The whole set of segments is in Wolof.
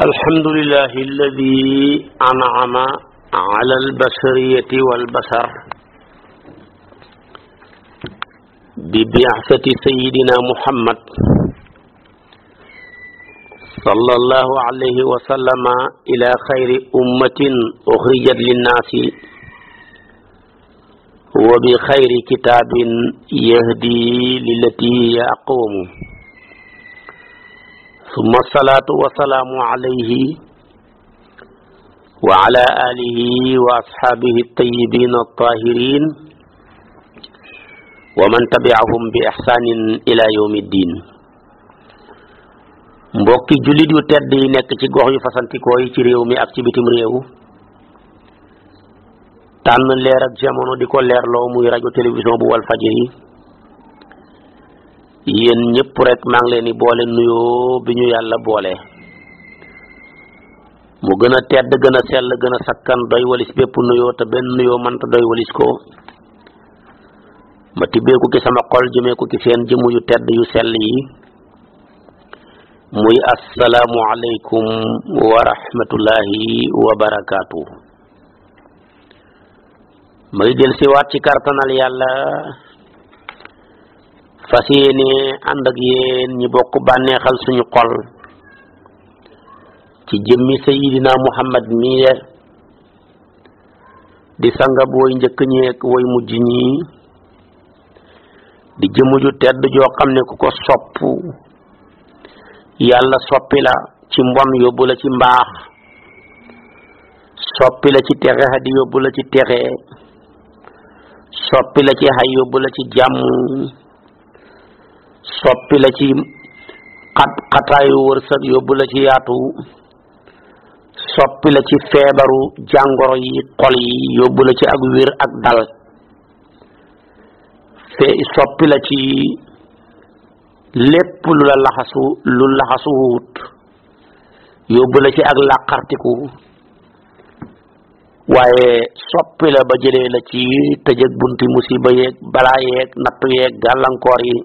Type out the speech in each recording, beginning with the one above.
الحمد لله الذي أنعم على البشرية والبشر ببعثة سيدنا محمد صلى الله عليه وسلم إلى خير أمة أخرجت للناس وبخير كتاب يهدي للتي هي أقوم summa salaatu wa salaamu alayhi wa ala alihi wa ashaabihi tayyibin at-tahirin wa man tabi'ahum bi ihsanin ila yawmi ddin mbokki jullit yu tedd yi nekk ci gox yu fasantikoo yi ci réew mi ak ci bitim réew tànn leer ak jamono di ko leerloo muy rajo télévision bu Walfajri yéen ñëpp rek maa ngi leen di boole nuyoo bi ñu yàlla boole mu gën a tedd gën a sell gën a sakkan doy walis bépp nuyoo te benn nuyoo mënta doy walis ko ma tibbeeku ki sama xol jëmee ko ki seen jëmm yu tedd yu sell yi muy assalaamu aleykum wa rahmatullahi wa barakaatu. may del ci kartanal yàlla fas yéene ànd ak ñi bokk bànneexal suñu xol ci jëmmi sayidina muhammad mii de di sangab woy njëkk ñeek woy mujj ñii di jëmm ju tedd joo xam ne ku ko sopp yàlla soppila ci mbon yóbbu la ci mbaax soppi la ci texe di yóbbu la ci texe soppi la ci xay yóbbu la ci jàmm soppi la ci xataayu wërsëg yóbbu la ci yaatu soppi la ci feebaru jàngoro yi xol yi yóbbu la ci ak wér ak dal fe soppi la ci lépp lu la laxasu lu laxasu wut yóbbu la ci ak làqartiku waaye soppi la ba jëlee la ci tëjëg bunt musiba yeeg balaa yeeg nattu yeeg gàllankoor yi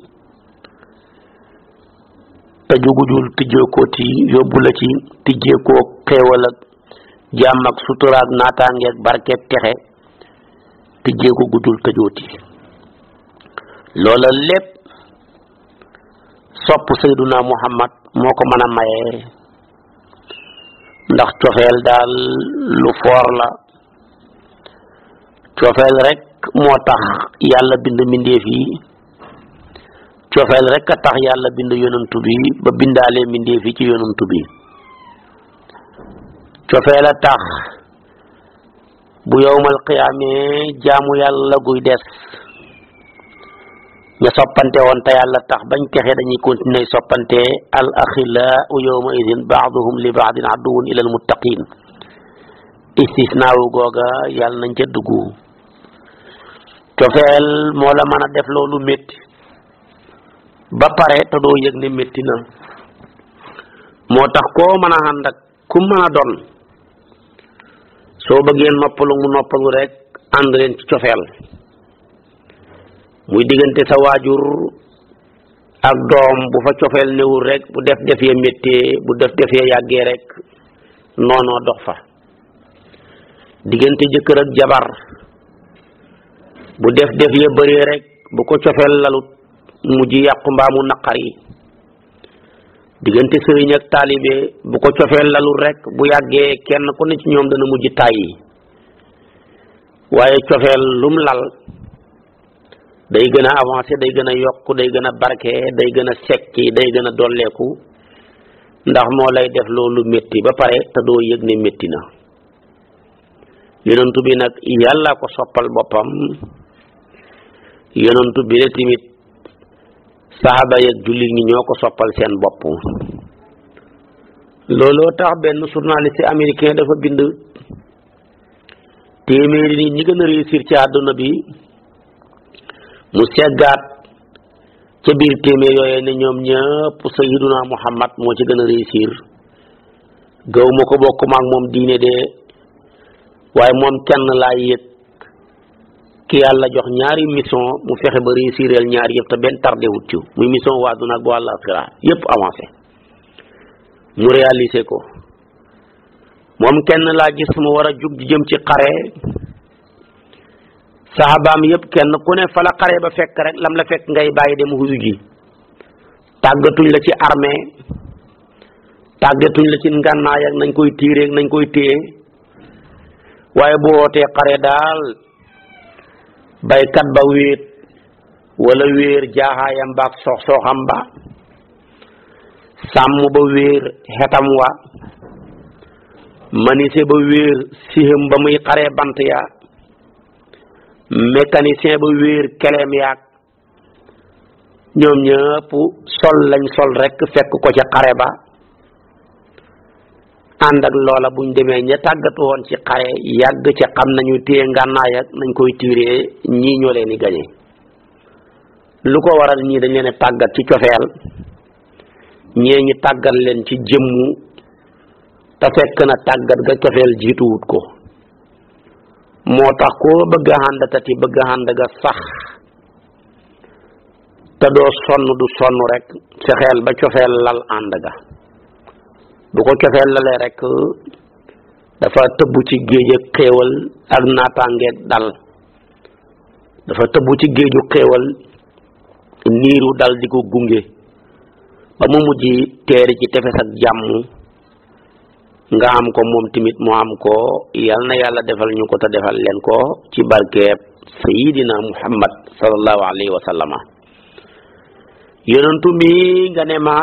tëju gu dul tijjeekooti yóbbu la ci tijjeekoo xéewal ak jàmm ak suturaak naataangeeg barkeeg texe tijjeeku gu dul tëjooti loola lépp sopp sayduna muhammad moo ko mën a mayee ndax cofeel daal lu foor la cofeel rek moo tax yàlla bind mbindéef yi cofeel rek a tax yàlla bind yonantu bi ba bindaa bindaale mbindéef yi ci yonantu bi cofeel a tax bu yowmal qiyaamee jaamu yàlla guy des ña soppante woon te yàlla tax bañ texe dañuy continuer soppante al axilaau yowma idin baaduhum li baadin aduwun ila al muttaqin istisnaawu googa yàlla nañ ca dugg cofeel moo la mën def loolu métti ba pare te doo yëg ne métti na moo tax koo mën a ànd ak ku mën a doon soo bëggee noppalu mu noppalu rek ànd leen ci cofeel muy diggante sa waajur ak doom bu fa cofeel newul rek bu def defee méttee bu def defee yàggee rek noonoo dox fa diggante jëkkër ak jabar bu def defee bëree rek bu ko cofeel lalut mujj yàqu mbaamu naqar yi diggante sëriñ ak taalibe bu ko cofee lalu rekk bu yàggee kenn ku ne ci ñoom dana mujj tàyyi waaye cofeel lum lal day gën a avancé day gën a yokk day gën a barke day gën a sekki day gën a dolleeku ndax moo lay def loolu métti ba pare te doo yëg ne métti na yonentu bi nag yàlla ko soppal boppam yonentu bi ne tamit saxaaba yeeg jullit ñi ñoo ko soppal seen bopp looloo tax benn journaliste américain dafa bind téeméeri nit ñi gën a réussir ci àdduna bi mu seggaat ca biir téeméer yooyee ne ñoom ñëpp sayiduna muhammad moo ci gën a réussir gaw ma ko bokkuma moom diine de waaye moom kenn laa yëg ki yàlla jox ñaari mission mu fexe ba réussirel ñaari yëpp te benn tardé wut ci muy mission waa duna ak wàll axira yëpp avancé mu réalisé ko moom kenn laa gis mu war a jug di jëm ci xare saxaabaam yëpp kenn ku ne fa la xare ba fekk rek lam la fekk ngay bàyyi dem xuyu ji tàggatuñ la ci armée tàggatuñ la ci ngànnaay ak nañ koy tiiree nañ koy téye waaye bu wootee xare daal baykat ba wéet wala wéer jaaxaayam ba ak sox soxam ba sàmm ba wéer xetam wa manise ba wéer siham ba muy xaree bant ya mécanicien ba wéer keleem yaag ñoom ñëpp sol lañ sol rekk fekk ko ca xare ba ànd ak loola buñ demee ña tàggatu woon ci xare yàgg ci xam nañu téye ngànnaay ak nañ koy tiiree ñii ñoo leen di lu ko waral ñii dañ leen tàggat ci cofeel ñee ñi tàggat leen ci jëmmu te fekk na tàggat ga cofeel jiituwut ko moo tax koo bëgg a ànd tati bëgg ànd ga sax te doo sonn du sonn rekk fexeel ba cofeel lal ànd ga bu ko cofeel lalee rek dafa tëbb ci géej ak xéewal ak naataangeeg dal dafa tëbb ci géeju xéewal niiru dal di ko gunge ba mu mujj teeri ci tefes ak jàmm nga am ko moom tamit mu am ko yal na yàlla defal ñu ko te defal leen ko ci barkeeb sayidina muhammad sallallahu alayhi wa sallama yonentu nga ne ma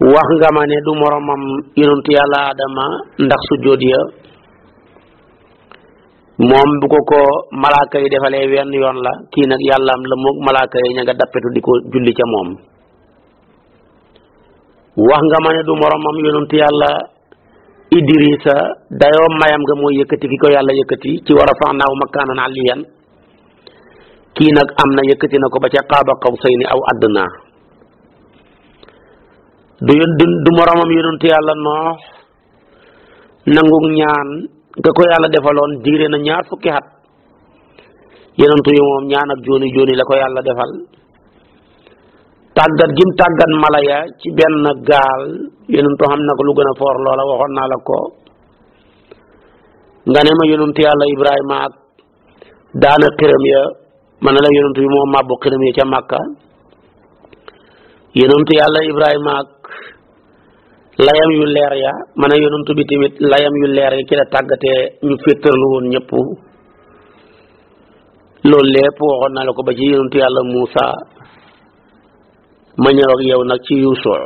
wax nga ma ne du moromam yonentu yàlla Adama ndax sujjóot ya moom bu ko ko malaaka yi defalee wenn yoon la kii nag yàllaam la moog malaaka yi ña nga dappetu di ko julli ca moom wax nga ma ne du moromam ti yàlla Idrisa dayoo mayam nga mooy yëkkati ki ko yàlla yëkkati ci war aw fax naaw makaanan aliyan kii nag am na yëkkati na ko ba ca qaaba ni aw adnaa du yón du du moroomam yonentu yàlla noox nangu ñaan nga ko yàlla defaloon diire na ñaar fukki at yonentu yi moom ñaan ak jooni jooni la ko yàlla defal tàggat gim tàggat mala ya ci benn gaal yonentu xam na ko lu gën a foor loola waxoon naa la ko nga ne ma yonentu yàlla Ibrahima ak daana xiram ya ma ne yàlla Ibrahima ak layam yu leer ya man a yonantu bi tamit layam yu leer ya ci la tàggatee ñu féttarlu woon ñëpp loolu lépp waxoon naa ko ba ci yonantu yàlla Muusa ma ñëw ak yow nag ci Yuusuf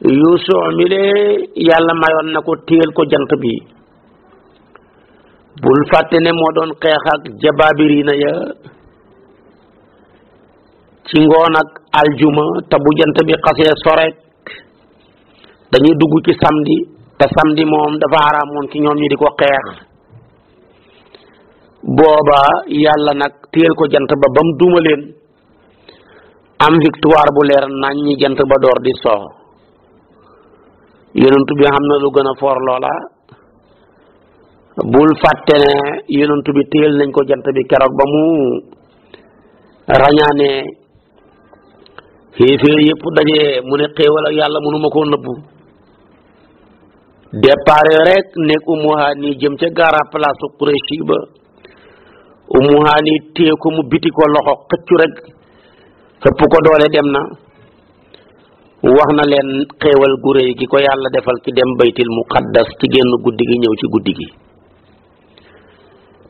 Yuusuf mi lee yàlla mayoon na ko téel ko jant bi bul fàtte ne moo doon xeex ak jabaabiriina ya ci ngoon ak aljuma te jant bi xasee soreek dañuy dugg ci samedi te samedi moom dafa araamoon ci ñoom ñi di ko xeex booba yàlla nag téyel ko jant ba ba mu duma leen am victoire bu leer nañ ñi jant ba door di soo yonent bi xam na lu gën a foor loola bul fàtte ne yonent bi téel nañ ko jant bi keroog ba mu rañaane xiifee yëpp dajee mu ne xéewal ak yàlla mënuma koo nëbbu départ rek nekk Ummu Haani jëm ca gara place Qurayshi ba Ummu Haani téye ko mu biti ko loxo xëccu rek xëpp ko doole dem na wax na leen xewal gu réy gi ko yàlla defal ki dem baytil muqaddas ci génn guddi gi ñëw ci guddi gi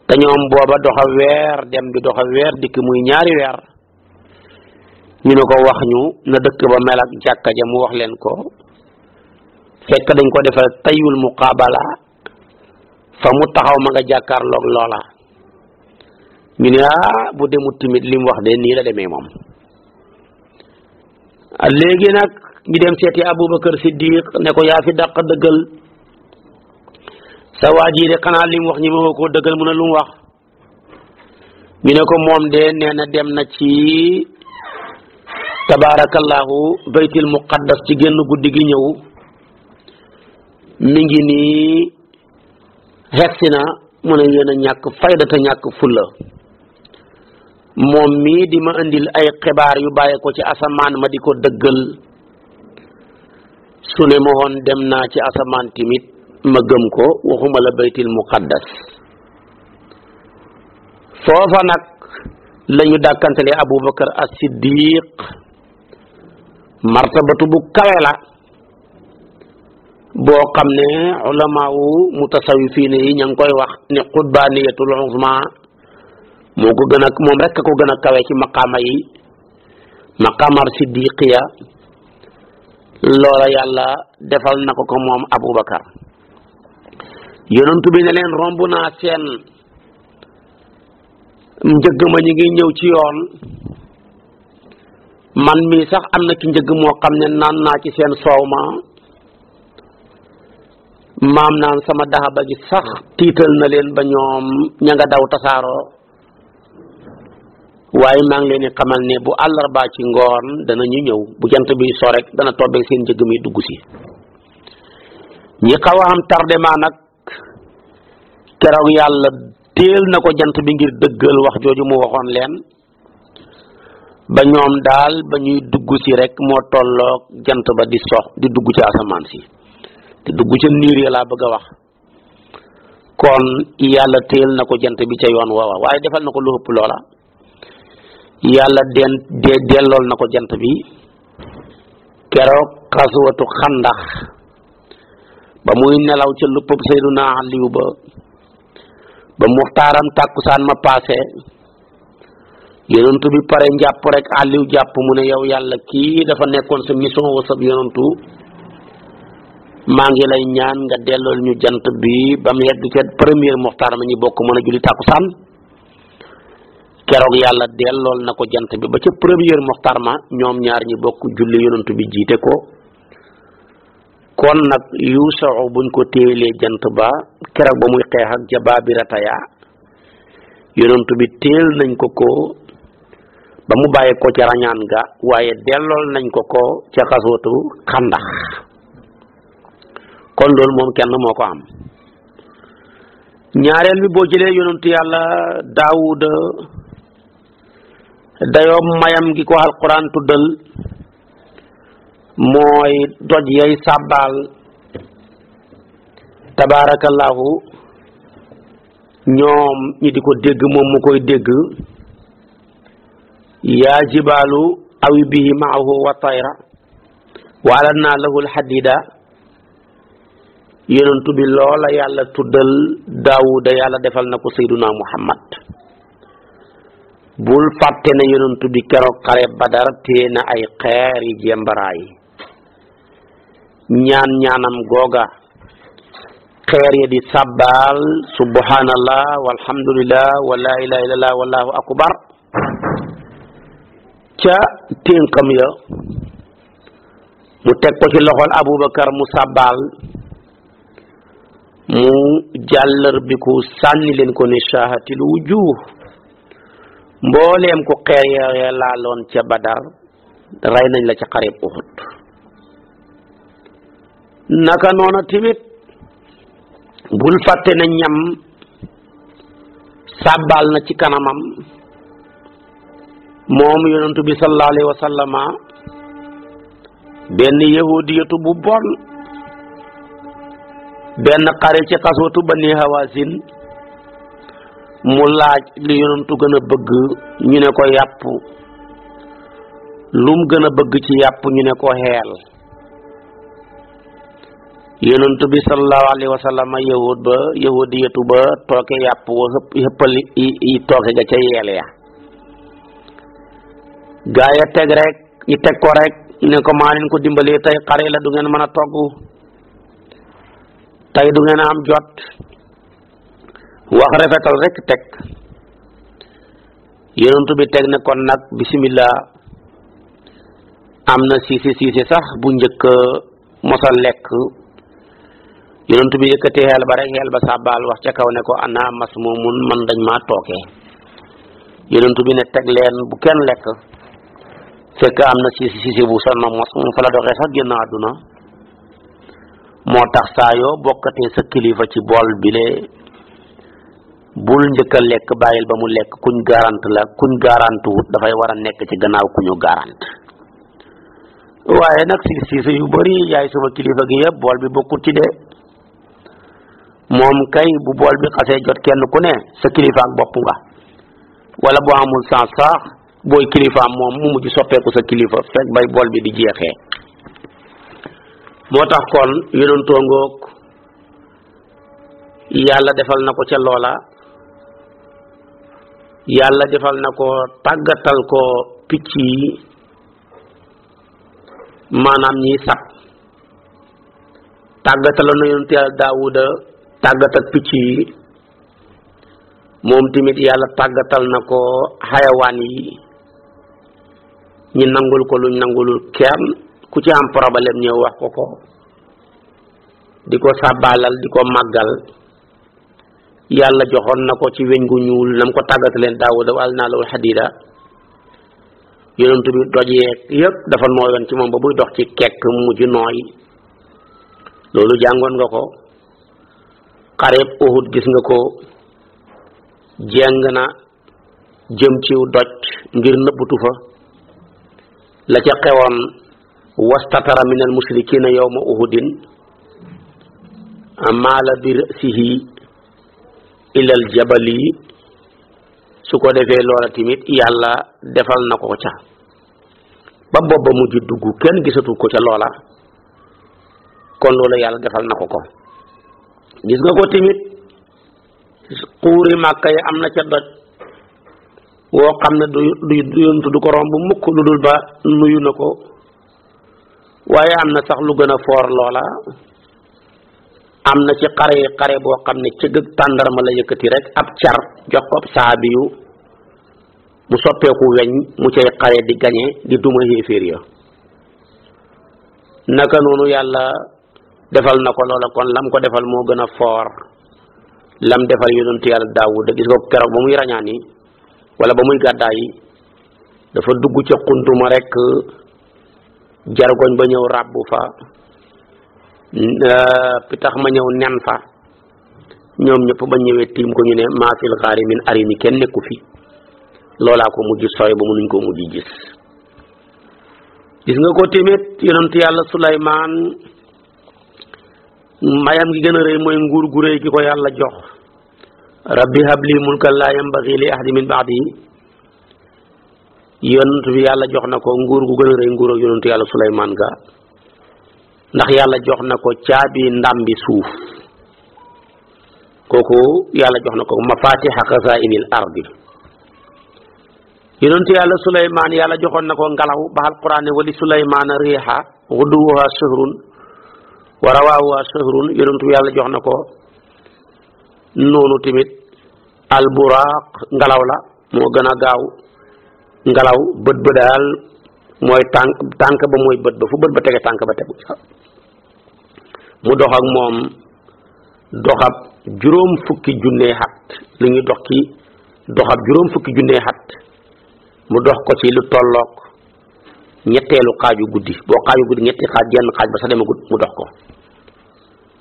te booba doxa weer dem bi doxa weer dikk muy ñaari weer ñu ne ko wax ñu na dëkk ba mel ak jàkka ja mu wax leen ko fekk dañ ko defal tayul muqaabala fa mu taxaw ma nga jàkkaarloog loola ñu ne ah bu demu timit li mu wax de nii la demee moom léegi nag ñu dem seeti Aboubacar Siddiq ne ko yaa fi dàq dëggal sa waa ji de xanaa li wax ñi ma koo dëggal mun a lu wax ñu ne ko moom de nee na dem na ci tabaarakallahu baytil muqaddas ci génn guddi gi ñëw mi ngi nii xegsi na mu ne yéen a ñàkk fayda te ñàkk fulla moom mii di ma indil ay xibaar yu bàyyi ko ci asamaan ma di ko dëggal su ne ma dem naa ci asamaan timit ma gëm ko waxuma la baytil muqaddas foofa nag la ñu dàkkantale abubakar as siddiq martabatu bu kawe la boo xam ne ulamaawu mutasawifiina yi ña ngi koy wax ne xutbaaniyatul uzma moo ko gën a moom rek ko gën a kawe ci maqaama yi maqaamar siddiqiya loola yàlla defal na ko ko moom Aboubacar yonentu bi ne leen romb naa seen njëgg ma ñu ngi ñëw ci yoon man mii sax am na ki njëgg moo xam ne naan naa ci seen soow ma maam naan sama daxa ba gi sax tiital na leen ba ñoom ña nga daw tasaaroo waaye maa leen di xamal ne bu àllarbaa ci ngoon dana ñu ñëw bu jant bi so dana tombé seen njëg mi dugg si ñi xaw a nag keroog yàlla teel na ko jant bi ngir dëggal wax jooju mu waxoon leen ba ñoom daal ba ñuy dugg si rek moo tolloog jant ba di sox di dugg ca asamaan si. dugg ca niir ya laa bëgg a wax kon yàlla téel na ko jant bi ca yoon woowa waaye defal na ko lu ëpp loola yàlla den de dellool na ko jant bi keroog xasuwatu xandax ba muy nelaw ca luppab Seyduna Aliyu ba ba muxtaaram tàkkusaan ma paase yonentu bi pare njàpp rek Aliyu jàpp mu ne yow yàlla kii dafa nekkoon sa mission wa sab maa ngi lay ñaan nga dellool ñu jant bi ba mu yegg ca première muxtaar ma ñu bokk mën a julli tàkkusaan keroog yàlla dellool na ko jant bi ba ca première muxtaar ma ñoom ñaar ñi bokk julli yonent bi jiite ko kon nag yuusaxu buñ ko téelee jant ba keroog ba muy xeex ak jabaabirata ya yonent bi téel nañ ko ko ba mu bàyyi ko ca rañaan ga waaye dellool nañ ko ko ca xasootu xandax kon loolu moom kenn moo ko am ñaareel bi boo jëlee yonentu yàlla daawuda dayoo mayam gi ko alquran tuddal mooy doj yay sàbbaal tabaarakallaahu ñoom ñi di ko dégg moom mu koy dégg yaa jibaalu awi bihi maahu wa tayra wa alanna lahu yonentu bi loola yàlla tuddal daawuda yàlla defal na ko sayduna muhammad bul fàtte ne yonentu bi keroog xare badar téye na ay xeer yi jembaraay ñaan ñaanam googa xeer ya di sàbbaal subhanallah walhamdulillah wala ilaha illallah wallahu akbar ca ténkam ya mu teg ko ci loxol abubakar mu sàbbaal mu jàllar bi ko sànni leen ko ne shaahatil wujuh mbooleem ko xeer ya laaloon ca badar rey nañ la ci xarib Uhud naka noona tamit bul fàtte na ñam sàbbaal na ci kanamam moom yonentu bi sallallahu alayhi wa benn yahudiyatu bu bon benn xare ci xaswatu bani hawasin mu laaj li yonentu gën a bëgg ñu ne ko yàpp lum gën a bëgg ci yàpp ñu ne ko xeel yonentu bi sallallahu alayhi wa sallam yahud ba yahudiyatu ba tooke yàpp wa xëppal i tooke ga ca yeel ya gaa ya teg rek ñu teg ko rek ne ko maa ko dimbalee tey xare la du ngeen mën a togg tey du ngeen am jot wax rafetal rek teg yonent bi teg ne kon nag bismillah am na siise siise sax bu njëkk mosa lekk yonent bi yëkkatee xel ba rek xel ba sàbbaal wax ca kaw ne ko naa mas moomun man dañ maa tookee yonent bi ne teg leen bu kenn lekk fekk am na siise siise bu sonn mos mu fa la doxee sax génn àdduna moo tax saa yoo bokkatee sa kilifa ci bool bile bul njëkk a lekk bàyyil ba mu lekk kuñ garant la kuñ garant wut dafay war a nekk ci gannaaw ku ñu garant waaye nag si siise yu bari yaay sama kilifa gi yëpp bool bi bokkut ci de moom kay bu bool bi xasee jot kenn ku ne sa kilifa ak bopp nga wala boo amul sens sax booy kilifaam moom mu mujj soppeeku sa kilifa fekk bay bool bi di jeexee moo tax kon yonentoo yàlla defal na ko ca loola yàlla defal na ko tàggatal ko picc yi maanaam ñiy sab tàggataloon na yonent yàlla tàggatal picc yi moom tamit yàlla tàggatal na ko xayawaan yi ñi nangul ko luñ nangulul kenn ku ci am problème ñëw wax ko ko di ko sàbbaalal di ko màggal yàlla joxoon na ko ci weñ gu ñuul nam ko tàggat leen daawuda wa alnaa lahul hadiida yonent bi doj yeeg dafa nooyoon ci moom ba buy dox ci kekk mujj nooy loolu jàngoon nga ko xareeb Uhud gis nga ko jeng na jëm ciw doj ngir nëbbatu fa la ca xewoon wastatara min al mushrikina yawma uhudin maala bi rasihi ilal jabali su ko defee loola tamit yàlla defal na ko ca ba booba mujj dugg kenn gisatu ko ca loola kon loola yàlla defal na ko ko gis nga ko tamit xuuri màkka yi am na ca doj woo xam ne du du du ko romb mukk lu dul ba nuyu na ko waaye am na sax lu gën a foor loola am na ci xare xare boo xam ne ci gëg tàndarma la yëkkati rek ab car jox ko saabi yu mu soppeeku weñ mu cay xare di gañe di duma xéeféer ya naka noonu yàlla defal na ko loola kon lam ko defal moo gën a foor lam defal yonentu yàlla daawud gis ko keroog ba muy rañaan yi wala ba muy gàddaay yi dafa dugg ca xuntuma rek jargoñ ba ñëw ràbbu fa euh, pitax ma ñëw nen fa ñoom ñëpp ba ñëwee tiim ko ñu ne maa fil xaari min arimi kenn nekku fi loolaa ko mujj sooy ba mënuñ ko mujj gis gis nga ko tamit yonent yàlla Suleymaan mayam gi gën a rëy mooy nguur gu rëy gi ko yàlla jox rabbi habli mulkan laa yambaxi li ahadi min baadi yonent yàlla jox na ko nguur gu gën a rëy nguur ak yàlla suleymaan ga ndax yàlla jox na ko caabi ndàmbi suuf kooku yàlla jox na ko mafaatiha xasaa'inil ardi yonentu yàlla suleymaan yàlla joxoon na ko ngalaw ba alquraan ne wali suleymaana riixa xudduwuha shahrun wa rawaawuha shahrun yonentu yàlla jox na ko noonu tamit alburaq ngalaw la moo gën a gaaw ngelaw bët ba daal mooy tànk tànk ba mooy bët ba fu bët ba tege tànk ba tegu mu dox ak moom doxab juróom fukki junnee xat li ñuy dox ci doxab juróom fukki junnee xat mu dox ko ci lu tolloog ñetteelu xaaju guddi boo xaaju guddi ñetti xaaj genn xaaj ba sax gudd mu dox ko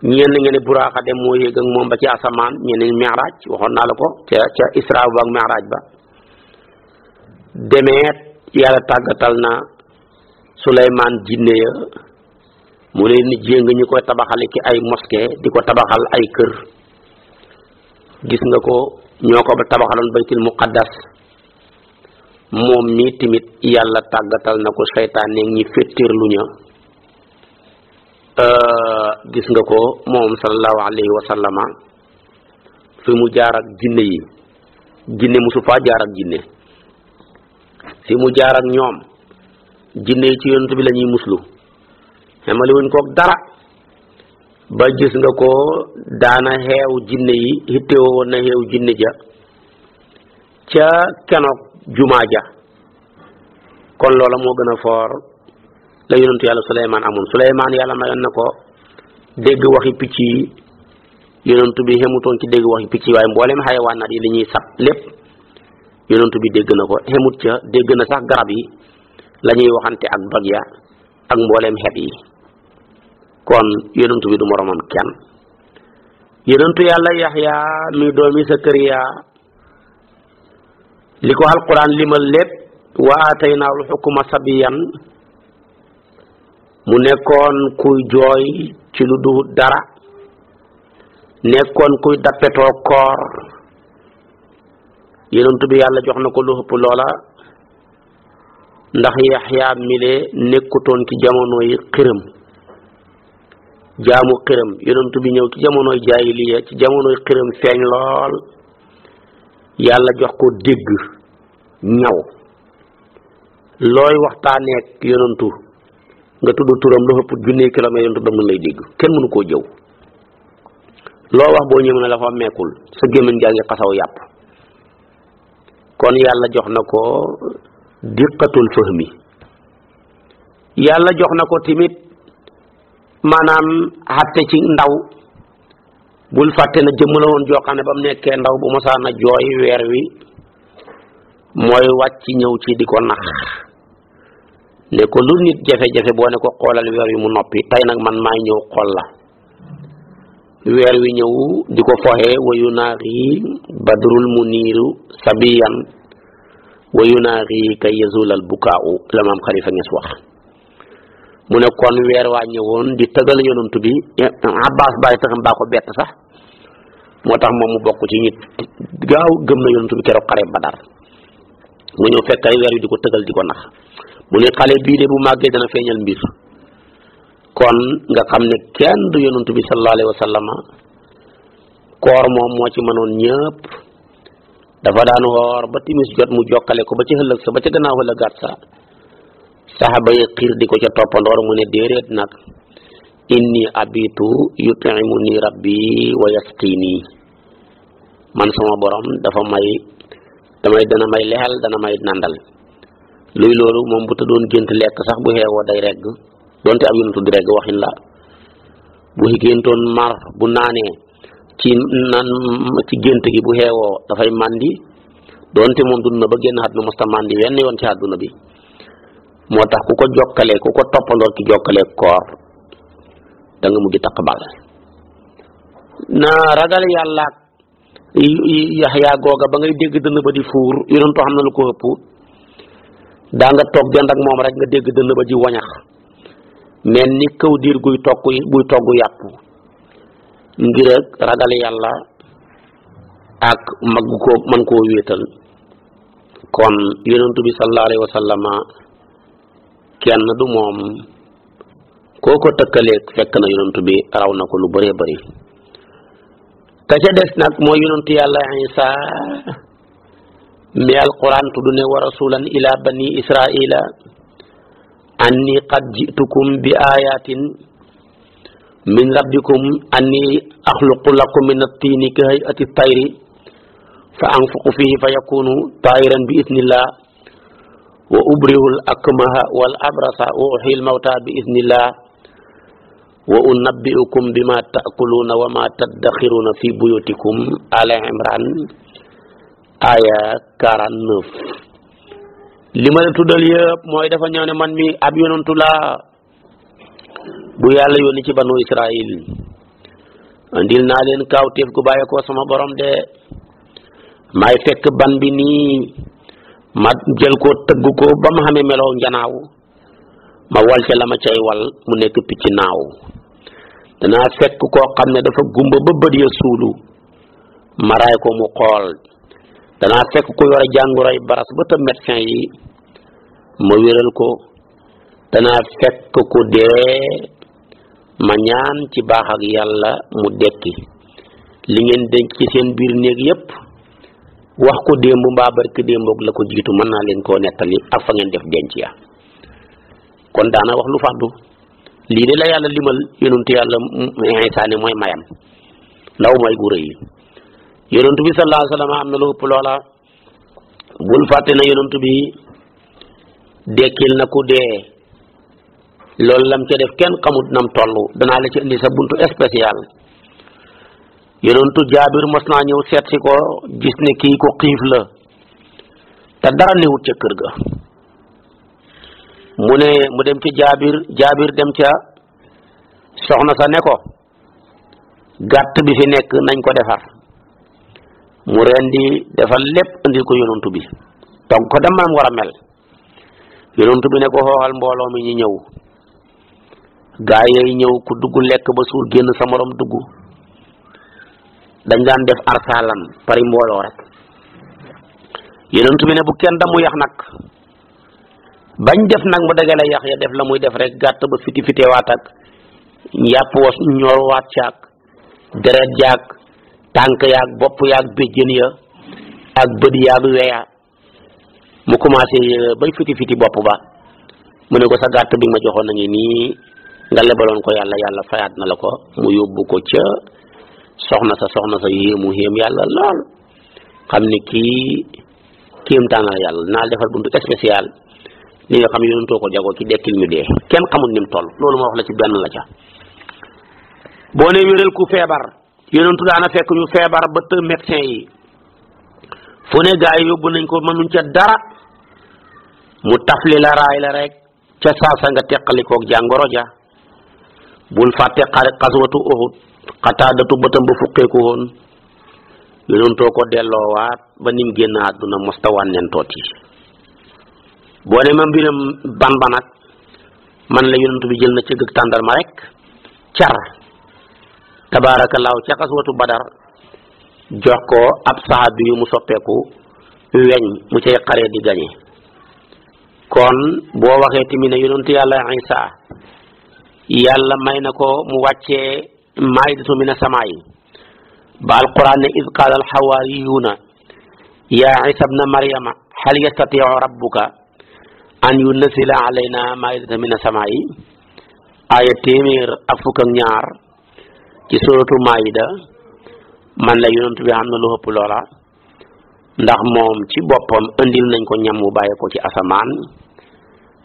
ñenn ngeen ne buraaxa dem moo yéeg ak moom ba ci asamaan ñenn miraaj waxoon naa la ko ca ca israa ba ak miraaj ba demeet yàlla tàggatal na suleymaan jinne ya mu leen ni ñu koy tabaxale ki ay mosquée di ko tabaxal ay kër gis nga ko ñoo ko tabaxaloon baytul muqaddas moom mii tamit yàlla tàggatal na ko seytaan neeg ñi féttéer euh, gis nga ko moom sallallahu alayhi wa sallama fi mu jaar ak jinne yi jinne musu faa jaar ak jinne fi mu jaar ak ñoom jinne yi ci yonent bi lañuy ñuy muslu xamali wuñ dara ba gis nga ko daana xeew jinne yi xittewoo woon na xeew jinne ja ca kenoog jumaa ja kon loola moo gën a foor la yonentu yàlla suleymaan amoon suleymaan yàlla mayoon na ko dégg waxi picc yi yonentu bi xemutoon ci dégg waxi picc yi waaye mboolem xayawaan naat yi li ñuy sab lépp yonent bi dégg na ko xemut ca dégg na sax garab yi lañuy waxante ak doj ya ak mbooleem xet yi kon yonent bi du moroomam kenn yonentu yàlla yaxya mi doomi sakariya li ko alquran limal lépp wa aataynaahu l-xukma sabiyan mu nekkoon kuy jooy ci lu du dara nekkoon kuy dappetoo koor yonent bi yàlla jox na ko lu ëpp loola ndax yaxyaa mile nekkutoon ci jamonoy xiram jaamu xiram yonent bi ñëw ci jamonoy jaahiliya ci jamonoy xiram feeñ lool yàlla jox ko dégg ñaw looy waxtaaneek yonentu nga tudd turam lu ëpp junne kilomètres yonentu ba mën lay dégg kenn mënu koo jëw loo wax boo ñëwee ne la fa meekul sa gémmiñ gaa ngi xasaw yàpp kon yàlla jox na ko diqatul fahmi yàlla jox na ko tamit maanaam xatte ci ndaw bul fàtte na jëmm la woon joo xam ne ba mu nekkee ndaw bu mosaan a jooy weer wi mooy wàcc ñëw ci di ko nax ne ko lu nit jafe-jafe boo ne ko xoolal weer wi mu noppi tey nag man maay ñëw xool la weer wi ñëw di ko foxe wayu naaxi badrul mu niiru sabiyan wayu naaxi kay yazulal bukaawu la maam xalifa nges wax mu ne kon weer waa ñëwoon di tëgal yonantu bi eh, abbas bàyyi taxam baa ko bett sax moo tax moom mu bokk ci ñit gaaw gëm na yonantu bi keroog xare badar mu ñëw fekk ay weer wi di ko tëgal di ko nax mu ne xale bii de bu màggee dana feeñal mbir kon nga xam ne kenn du yonantu bi sallallahu alayhi wa sallam koor moom moo ci mënoon ñëpp dafa daan woor ba timis jot mu jokkale ko ba ci xëllëg sa ba ci gannaaw xëllëgaat sa saxaba yi xiir di ko ca toppandoor mu ne déeréet nag inni abitu yutimu ni rabbi wa yasqini man sama borom dafa may damay dana may lexal dana may nandal luy loolu moom bu tëddoon gént lekk sax bu woo day regg donte ab yonentu di rek waxin la bu géntoon mar bu naanee ci gént gi bu xeewoo dafay màndi donte moom dund na ba génn àdduna mosta màndi wenn yoon ci àdduna bi moo tax ku ko jokkalee ku ko toppandoor ki jokkalee koor da nga mujj takk bal na ragal yax yaxyaa googa ba ngay dégg dënd ba di fuur yonentoo xam na lu ko ëpp daa toog dend ak moom rek nga dégg dënd ba ji wañax mel ni kawdir guy togg buy togg yàpp ngir ragal yàlla ak mag ko mën koo wéetal kon yonentu bi sallallahu alayhi kenn du moom koo ko tëkkaleeg fekk na yonentu bi raw na ko lu bëree bëri ka ca des nag mooy yonentu yàlla Isa mi alquran tudd ne wa rasulan ila bani israila anni qad ji'tukum bi ayatin min rabbikum anni axluqu lakum min at-tiini ka hay'ati at-tayri fa anfuqu fihi fa yakunu tayran bi idnillah wa ubrihu al-akmaha wal abrasa wa uhyi al-mawta bi idnillah wa unabbi'ukum bima ta'kuluna wa ma tadakhiruna fi buyutikum Al Imran aya 49 li ma tuddal yëpp mooy dafa ñëw ne man mi ab yonantu bu yàlla yónni ci banu Israil andil naa leen kawtéef gu bàyyi ko sama borom de may fekk ban bi nii ma jël ko tëgg ko ba mu xamee melow njanaaw ma wal la ma cay wal mu nekk picc naaw danaa fekk koo xam ne dafa gumba ba bët ya suulu ma ko mu xool danaa fekk ku yore jàngoroy baras ba te médecin yi ma wéral ko danaa fekk ko dee ma ñaan ci baax ak yàlla mu dekki li ngeen denc ci seen biir néeg yépp wax ko démb mbaa barki démboog la ko jiitu mën naa leen koo nettali ak fa ngeen def denc ya kon daana wax lu fàddu lii de la yàlla limal yonentu yàlla insaane mooy mayam ndaw may gu rëy yonentu bi sallallahu alayhi am na lu ëpp loola bul fàtte na yonentu bi dekkil na ku dee loolu lam ca def kenn xamut nam toll danaa la ci indi sa buntu spécial yonentu jaabir mos na ñëw seet ko gis ne kii ko xiif la te dara newut ca kër ga mu ne mu dem ca jaabir jaabir dem ca soxna sa ne ko gàtt bi fi nekk nañ ko defar mu rendi defar lépp indil ko yonentu bi donc ko dem maam war mel yonent bi ne ko xooxal mbooloo mi ñu ñëw gaa yooyu ñëw ku dugg lekk ba suur génn sa morom dugg dañ daan def arsalan pari mbooloo rek yonent bi ne bu kenn damu yax nag bañ def nag mu dagale yax ya def la muy def rek gàtt ba fiti fitee waat ak yàpp was ñor waat caag deret jaag tànk yaag bopp yaag ya ak bët yaag weya mu commencé euh, bay fiti fiti bopp ba mu ne ko sa gàtt bi ma joxoon na ngi nii nga lebaloon ko yàlla yàlla fayaat na la ko mu yóbbu ko ca soxna sa soxna sa yéemu yéem yàlla lool xam ni kii kéemtaan la yàlla naa defal buntu spécial li nga xam yonentoo ko jagoo ci dekkil ñu dee kenn xamul ni mu toll loolu ma wax la ci benn la ca boo ne wéral ku feebar yonentu daana fekk ñu feebar ba të médecin yi fu ne gaa yi yóbbu nañ ko mënuñ ca dara mu tafli la raay la rekk ca saasa nga teqalikoog jàngoro ja bul fàtte xaswatu uhud xataadatu bëtam ba fukkeeku woon yonentoo ko delloowaat ba nim génn àdduna mosta wànnentoot yi boo ne ma mbiram ban ba nag man la yonentu bi jël na cëgg ak tàndarma rek car tabaarakallaahu ca xaswatu badar jox ko ab saxaabi yu mu soppeeku weñ mu cay xare di gañe kon boo waxee tamit ne yonentu yàlla Isa yàlla may na ko mu wàccee maydatu mina samaa yi ba alquran ne id qaala alxawaariyuuna yaa Isa bna Maryama hal yastatiu rabbuka an yunazila alayna maydatan mina samaa yi aaya téeméer ak fukk ak ñaar ci suratu maayida man la yonent bi am na lu ëpp loola ndax moom ci boppam indil nañ ko ñam wu bàyyi ko ci asamaan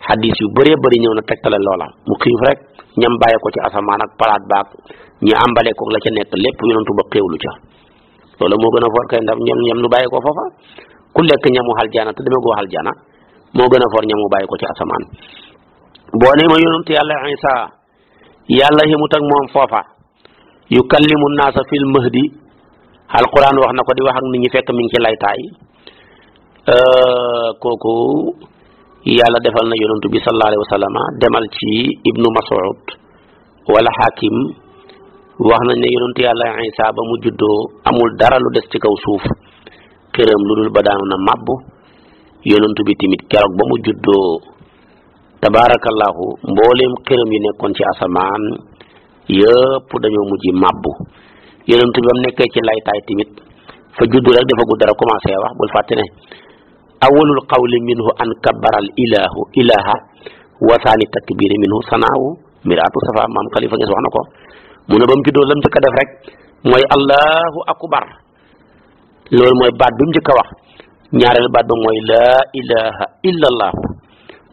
xadis yu bëree bëri ñëw na tegtale loola mu xiif rek ñam bàyyi ko ci asamaan ak palaat baak ñi àmbale ko la ca nekk lépp yonentu ba xéewlu ca loolu moo gën a for kay ndax ñam ñam lu bàyyi ko foofa ku lekk ñamu aljana te demee goo aljana moo gën a for ñam mu bàyyi ko ci asamaan boo ne ma yonentu yàlla Isa yàlla himut ak moom foofa yukallimu naasa fil mahdi alquran wax na ko di wax ak nit ñi fekk mi ngi ci laytaay euh, kooku yàlla defal na yonontu bi sallallahu alayhi demal ci ibnu Mas'ud wala Hakim wax nañ ne yonantu yàlla Isa ba mu juddoo amul dara lu des ci kaw suuf këram lu dul ba daanu màbb yonantu bi tamit keroog ba mu juddoo tabaarakallahu mbooleem këram yi nekkoon ci asamaan yëpp dañoo mujj màbb yonent bi ba mu nekkee ci laytaay tamit fa juddu rek dafa gudd dara commencé wax bul fàtte ne awalul qawli minhu an kabbaral ilahu ilaha wa saani takbiri minhu sanaawu miraatu safa maam xalifa ngees wax na ko mu ne ba mu juddoo la njëkk a def rek mooy allahu akbar loolu mooy baat bi mu njëkk wax ñaareel baat ba mooy laa ilaha illa allahu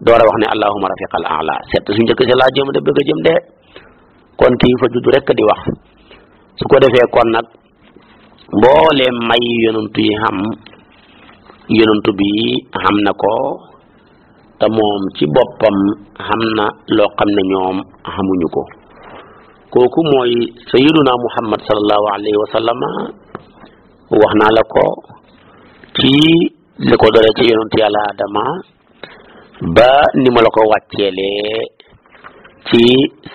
door a wax ne allahuma rafiqal ala seet su njëkk si laa jëm de bëgg a jëm de kon kii fa juddu rek di wax su ko defee kon nag mbooleem may yonantu yi xam yonantu bi xam na ko te moom ci boppam xam na loo xam ne ñoom xamuñu ko kooku mooy sayiduna muhammad sallallahu alayhi wa sallama wax naa la ko ci li ko dore ci yonantu yàlla adama ba ni ma la ko wàcceelee ci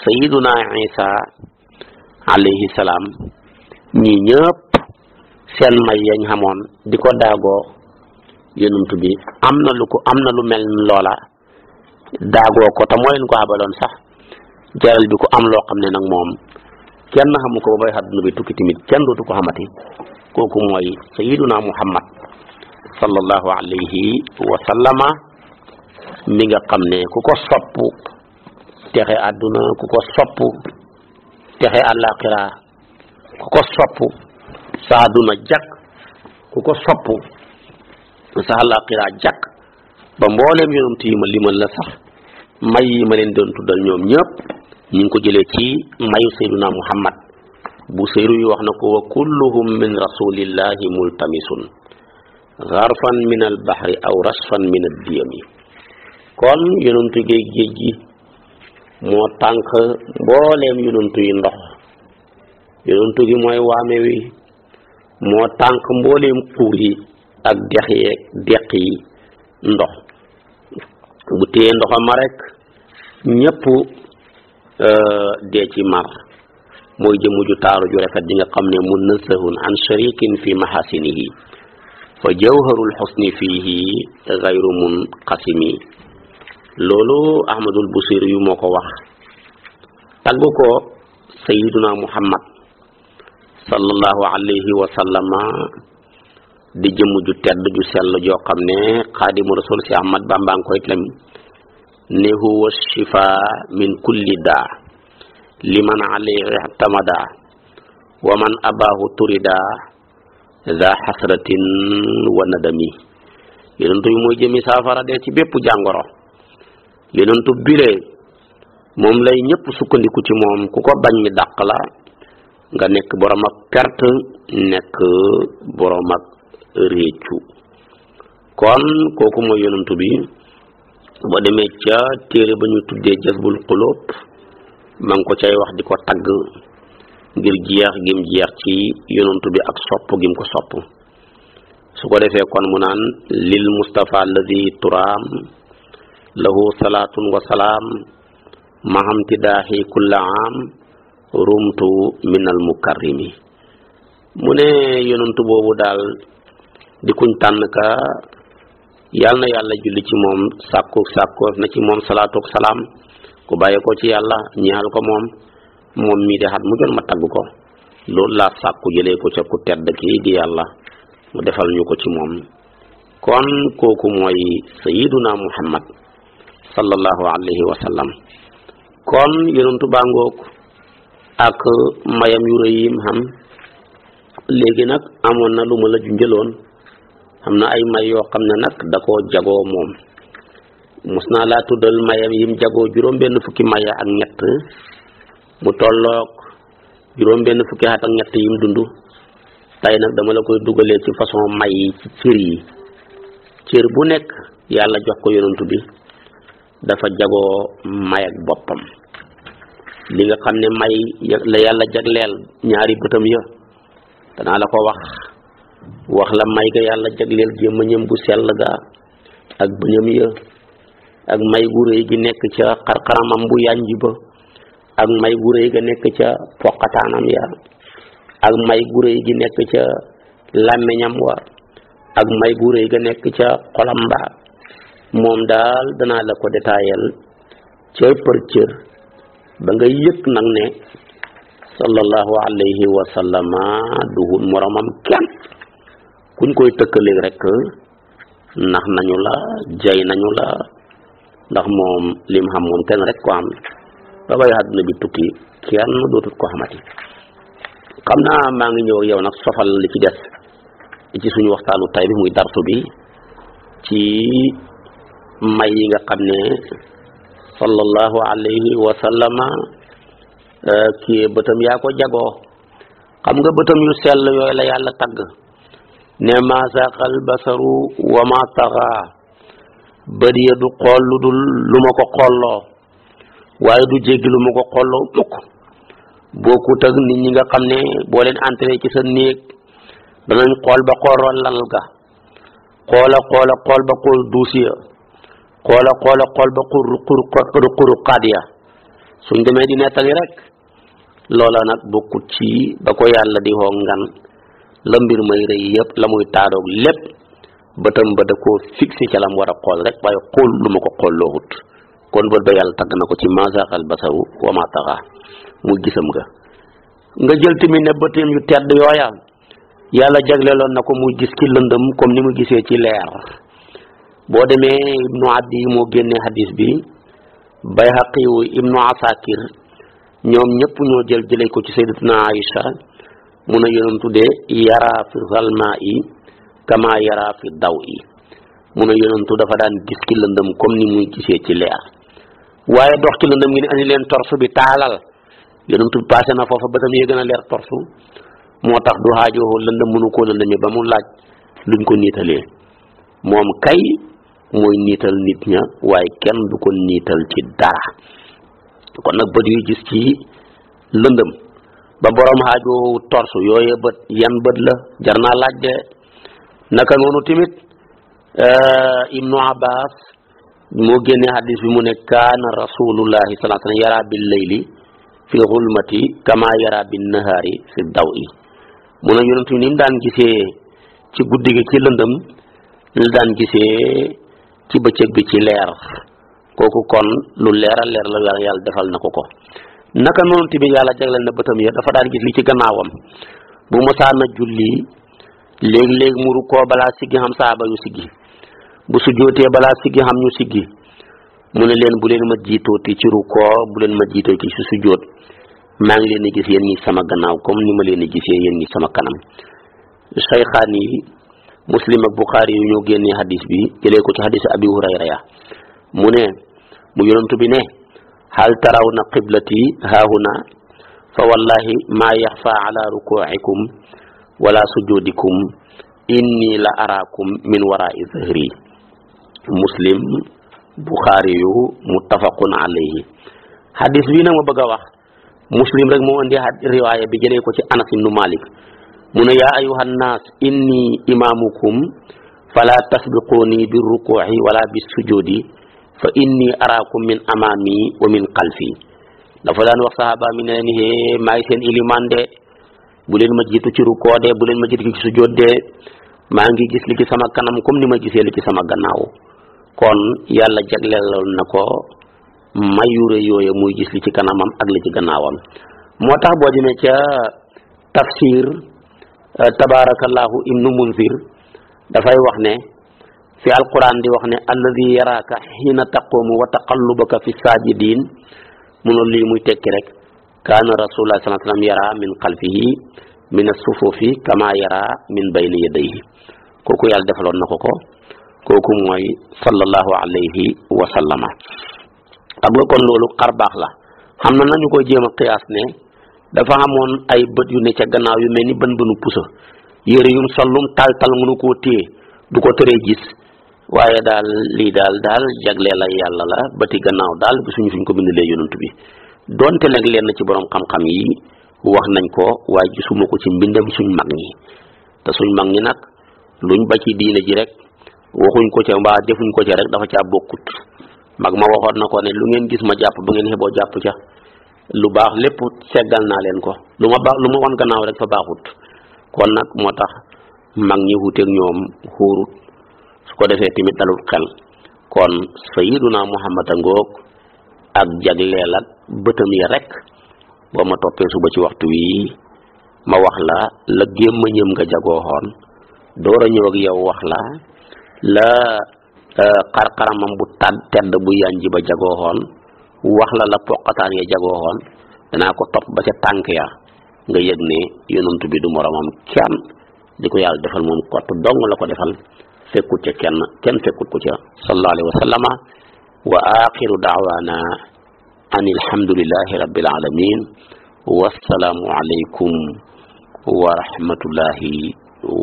sayiduna isa alayhi salaam ñii ñëpp seen may yañ xamoon di ko daagoo yonumtu bi am na lu ko am na lu mel loola daagoo ko te moo ko abaloon sax jaral bi ko am loo xam ne nag moom kenn xamu ko ba bay àdduna bi tukki tamit kenn dootu ko xamati kooku mooy sayyiduna muhammad sallallahu alayhi wa mi nga xam ne ku ko sopp texe àdduna ku ko sopp texe àllaaxira ku ko sopp sa àdduna jàkk ku ko sopp sa àllaaxira jàkk ba mbooleem yonent yi ma limal la sax may yi ma leen doon tuddal ñoom ñëpp ñu ko jëlee ci mayu sayduna muhammad bu seyru yi wax na ko wa kulluhum min rasulillahi multamisun garfan min al aw rasfan min ad kon yonentu géej géej gi moo tànk mbooleem yonantu yi ndox yonantu gi mooy waame wi moo tànk mbooleem xuur yi ak dex yeeg deq yi ndox bu téyee ndoxa ma rek ñëpp euh, dee ci mar mooy jëmm ju taaru ju rafet di nga xam ne munazzahun an sharikin fi mahasinihi fa jawharul xusni fihi gayru mun qasimi loolu ahmadul busiri yu moo ko wax tagg ko sayiduna muhammad sallallahu alayhi wa sallama di jëmm ju tedd ju joo xam ne xaadimu rasul si ahmad bamba nga koy tam ne huwa shifa min kulli daa liman alayhi tamada wa man abahu turida daa xasratin wa nadami yonent bi mooy jëmi saafara de ci bépp jàngoro yonentu bilee moom lay ñëpp sukkandiku ci moom ku ko bañ ñi dàq la nga nekk boroom ak perte nekk boroom ak réccu kon kooku mooy yonentu bi boo demee ca téere ba ñu tuddee jasbul xulóob ma ngi ko cay wax di ko tagg ngir jeex gim jeex ci yonentu bi ak sopp gim ko sopp su ko defee kon mu naan lil mustafa alladi turaam lahu salaatun wa salaam mahamti daaxi kulla am rumtu minal mukarrimi mu ne yonantu boobu daal di kuñ tànn ka yàlla na yàlla julli ci moom sàkku sàkkoos na ci moom salaatu ak salaam ku bàyyi ko ci yàlla ñaal ko moom moom mii de xat mu jot ma tagg ko loolu laa sàkku jëlee ko ca ku tedd kii di yàlla mu defal ñu ko ci moom kon kooku mooy sayiduna muhammad sallallahu alayhi wa sallam kon yonentu baa ngoog ak mayam yu rëy yim xam léegi nag amoon na lu ma la junjëloon xam na ay may yoo xam ne nag da koo jagoo moom mos naa laa tuddal mayam yim jagoo juróom benn fukki maye ak ñett mu tolloog juróom benn ak ñett yim dund tey nag dama la koy dugalee ci façon may yi ci cër yi cër bu nekk yàlla jox ko yonentu bi dafa jagoo may ak boppam li nga xam ne may la yàlla jagleel ñaari bëtam ya danaa la ko wax wax la may ga yàlla jagleel gémmiñam gu sell ga ak bëñam ya ak may gu rëy gi nekk ca xarxaramam bu yànj ba ak may gu rëy ga nekk ca poqataanam ya ak may gu rëy gi nekk ca làmmiñam wa ak may gu rëy ga nekk ca xolam ba moom daal dana la ko détaayal cër për cër ba nga yëg nag ne sallallahu alayhi wa sallama duhul moromam kenn kuñ koy tëkkaleeg rek nax nañu la jay nañu la ndax moom lim xam moom kenn rek ko am ba bay àdduna bi tukki kenn dootut ko xamati xam naa maa ngi ñëw ak yow nag sofal li ci des ci suñu waxtaanu tay bi muy darsu bi ci may yi nga xam ne sallallahu alayhi wa sallama euh, kii bëtam yaa ko jagoo xam nga bëtam yu sell yooyu la yàlla tagg ne ma saqal basaru wa ma taxa bët du xool lu dul lu ma ko xolloo waaye du jéggi lu ma ko xolloo mukk bokkut ak nit ñi nga xam ne boo leen entré ci sa néeg danañ xool ba xool lal ga xoola xoola xool ba xool duus xoola xoola xool ba xur xur xuru xaat ya suñ demee di nettali rek loola nag bokkut ci ba ko yàlla di hoo ngan la mbir may rëy yëpp la muy taadoog lépp bëtam ba da koo fixé ca lam war a xool rek waaye xool lu ma ko xool loo kon bët ba yàlla tagg na ko ci masaxal basaru wa ma taxa mu gisam nga nga jël tamit ne bëtam yu tedd yooya yàlla jagleeloon na ko mu gis ci lëndëm comme ni mu gisee ci leer boo demee ibnu addi moo génne hadis bi bayhaqi wu ibnu asakir ñoom ñëpp ñoo jël jëlee ko ci sayyidatuna aïcha mun a yonentu de yara fi zalma yi kama yara fi daw yi mun a yonentu dafa daan ci lëndëm comme ni muy gisee ci leer waaye dox ci lëndëm ngi leen torsu bi taalal yonentu bi passé na foofa ba yee gën a leer torsu moo tax du xaajoo lëndëm mënu koo lëndëme ba mu laaj luñ ko niitalee moom kay mooy niital nit ña waaye kenn du ko niital ci dara kon nag bët yuy gis ci lëndëm ba borom xaajoo torsu yooye bët yan bët la jar naa laaj de naka noonu tamit eh, ibnu abbas moo génne hadis bi mu ne kaana rasulullahi sallallahu alayhi wa sallam yara bil layli fi xulmati kama yara bin nahaari fi daw i mu ne yonentu ni mu daan gisee ci guddi gi ci lëndëm la daan gisee ci bëccëg bi ci leer kooku kon lu leeral leer la yàlla defal na ko ko naka noonu tamit yàlla jagleel na bëtam ya dafa daan gis li ci gannaawam bu mosaan a julli léegi-léegi mu rukkoo balaa siggi xam saaba yu siggi bu sujjootee balaa siggi xam ñu siggi mu ne leen bu leen ma jiitooti ci rukkoo bu leen ma jiitooti ci sujjoot maa ngi leen di gis yéen ñi sama gannaaw comme ni ma leen di gisee yéen ñi sama kanam sayxaan yi muslim ak buxaari yu ñoo génnee hadis bi jëlee ko ci hadis abi hurayra ya mu ne mu yonantu bi ne hal taraw na qiblati haahuna fa wallahi maa yaxfa ala rukuikum wala sujudikum inni la araakum min warai zahri muslim buxaari yu muttafaqun alayhi hadis bi nag ma bëgg a wax muslim rek moo indi riwaaya bi jëlee ko ci anas ibnu malik mu ne yaa ayuha nnaas inni imaamukum fala tasbiquuni bi rukuuci wala bi sujuudi fa inni araakum min amaami wa min xalfi dafa daan wax saxaaba mi ne ni hee maay seen ilimaan de bu leen ma jiitu ci rukoo de bu leen ma jiitu ci sujood de maa ngi gis li ci sama kanam comme ni ma gisee li ci sama gannaaw kon yàlla lool na ko mayure yooyu muy gis li ci kanamam ak li ci gannaawam moo tax boo jëmee ca tafsir Euh, tabarakallahu ibnu munzir dafay wax ne fi alquran di wax ne alladi yaraaka xiina taqumu wa taqallubaka fi sajidin mu ne lii muy tekki rek kaana rasulullah sallallahu alayhi wa sallam yara min xalfihi min as-sufufi kama yara min bayni yadayhi kooku yàlla defaloon na ko ko kooku mooy sallallahu alayhi wa sallama xam nga kon loolu xar baax la xam na nañu koy jéem a qiyaas ne dafa amoon ay bët yu ne ca gannaaw yu mel ni bën bënu pusa yére yum sollum tal-tal mënu koo téye du ko teree gis waaye daal lii daal daal jagle la yàlla la bëti gannaaw daal gisuñu fuñ ko bindalee yonent bi donte nag lenn ci borom xam yi wax nañ ko waaye gisuma ko ci mbindam suñ mag ñi te suñ mag ñi nag luñ ba ci diine ji rek waxuñ ko ca mbaa defuñ ko ca rek dafa caa bokkut mag ma waxoon na ko ne lu ngeen gis ma jàpp bu ngeen xeboo jàpp ca lu baax lépp seggal naa leen ko lu ma baax lu ma wan gannaaw rek fa baaxut kon nag moo tax mag ñi wuuteeg ñoom xuurut su ko defee tamit dalul xel kon sayyiduna Muhammad a ngoog ak jagleel ak bëtam yi rek boo ma toppee suba ci waxtu wi ma wax la la gémmañam nga jagoo xoon door a ñëw ak yow wax la la euh, xar-xaramam bu tàdd bu yànji ba jagoo wax la la poqataan ya jagoo woon danaa ko topp ba ca tànk ya nga yëg ne yonent bi du moroomam kenn di ko yàlla defal moom kott dong la ko defal fekkut ca kenn kenn fekkut ko ca sallallahu alayhi wa sallama wa axiru daawaana an alhamdulillahi rabbil alamin wassalaamu aleykum wa rahmatullahi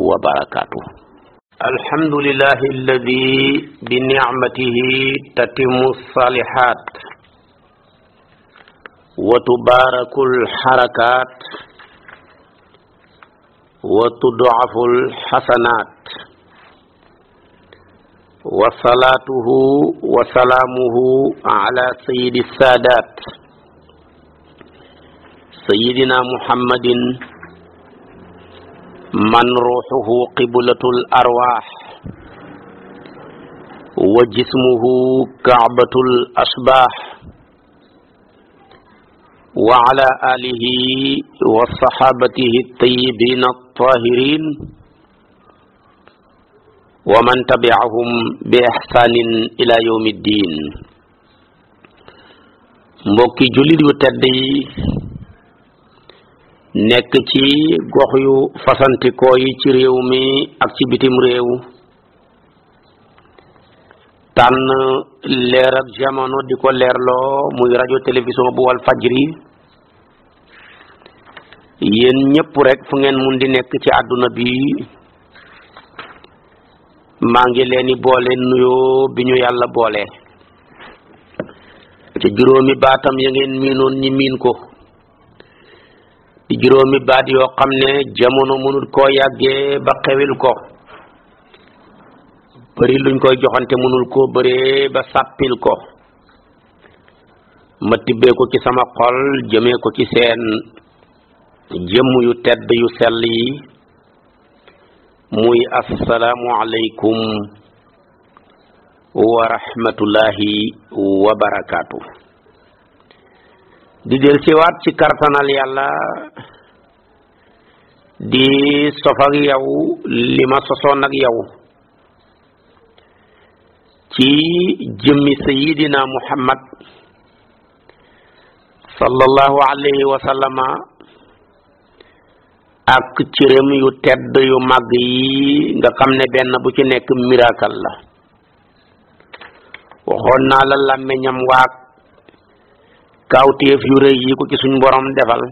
wa barakatuh alhamdulillahi alladi bi nicmatihi tatimu salihat wa tubaarakul xarakaat wa tudaful xasanaat wa salaatuhu wa salaamuhu ala sayidi saadaat sayidina muhammadin man ruuxuhu qiblatul arwaax wa jismuhu kaabatul asbaax وعلى آله وصحابته الطيبين الطاهرين ومن تبعهم بإحسان إلى يوم الدين mbokki jullit yu tedd yi nekk ci gox yu fasantikoo yi ci réew mi ak ci bitim réew tànn leer ak jamono di ko leerloo muy rajo télévision bu wal fajri yéen ñëpp rek fu ngeen mun di nekk ci àdduna bi maa ngi leen di boole nuyoo bi ñu yàlla boole ci juróomi baatam ya ngeen miinoon ñi miin ko di juróomi baat yoo xam ne jamono mënut koo yàggee ba xewil ko bëri luñ koy joxante mënul koo bëree ba sàppil ko ma tibbee ko ci sama xol jëmee ko ci seen jëmm yu tedd yu sell yi muy assalaamu aleykum wa rahmatullahi wa barakaatu di del siwaat ci kartanal yàlla di sof ak yow li sosoon ak yow ci jëmmi sayidina muhammad sallallahu alayhi wa ak cëram yu tedd yu màgg yi nga xam ne benn bu ci nekk miracle la waxoon naa la làmmiñam waag kawtéef yu rëy yi ko ci suñ borom defal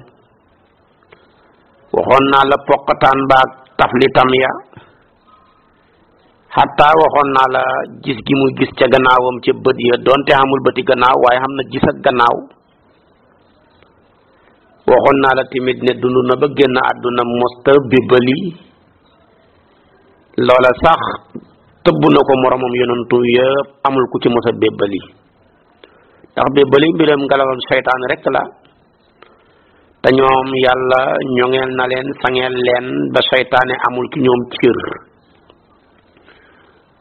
waxoon naa la poqataan baag taflitam ya xataa waxoon naa la gis gi mu gis ca gannaawam ca bët ya donte amul bëti gannaaw waaye xam na gis ak gannaaw waxoon naa la tamit ne dund na ba génn àdduna mosta bibbali loola sax tëbb na ko moroomam yonantu yëpp amul ku ci mos a bébbali ndax bébbali mbiram ngelawam seytaan rek la te ñoom yàlla ñoŋeel na leen sangeel leen ba seytaane amul ci ñoom cër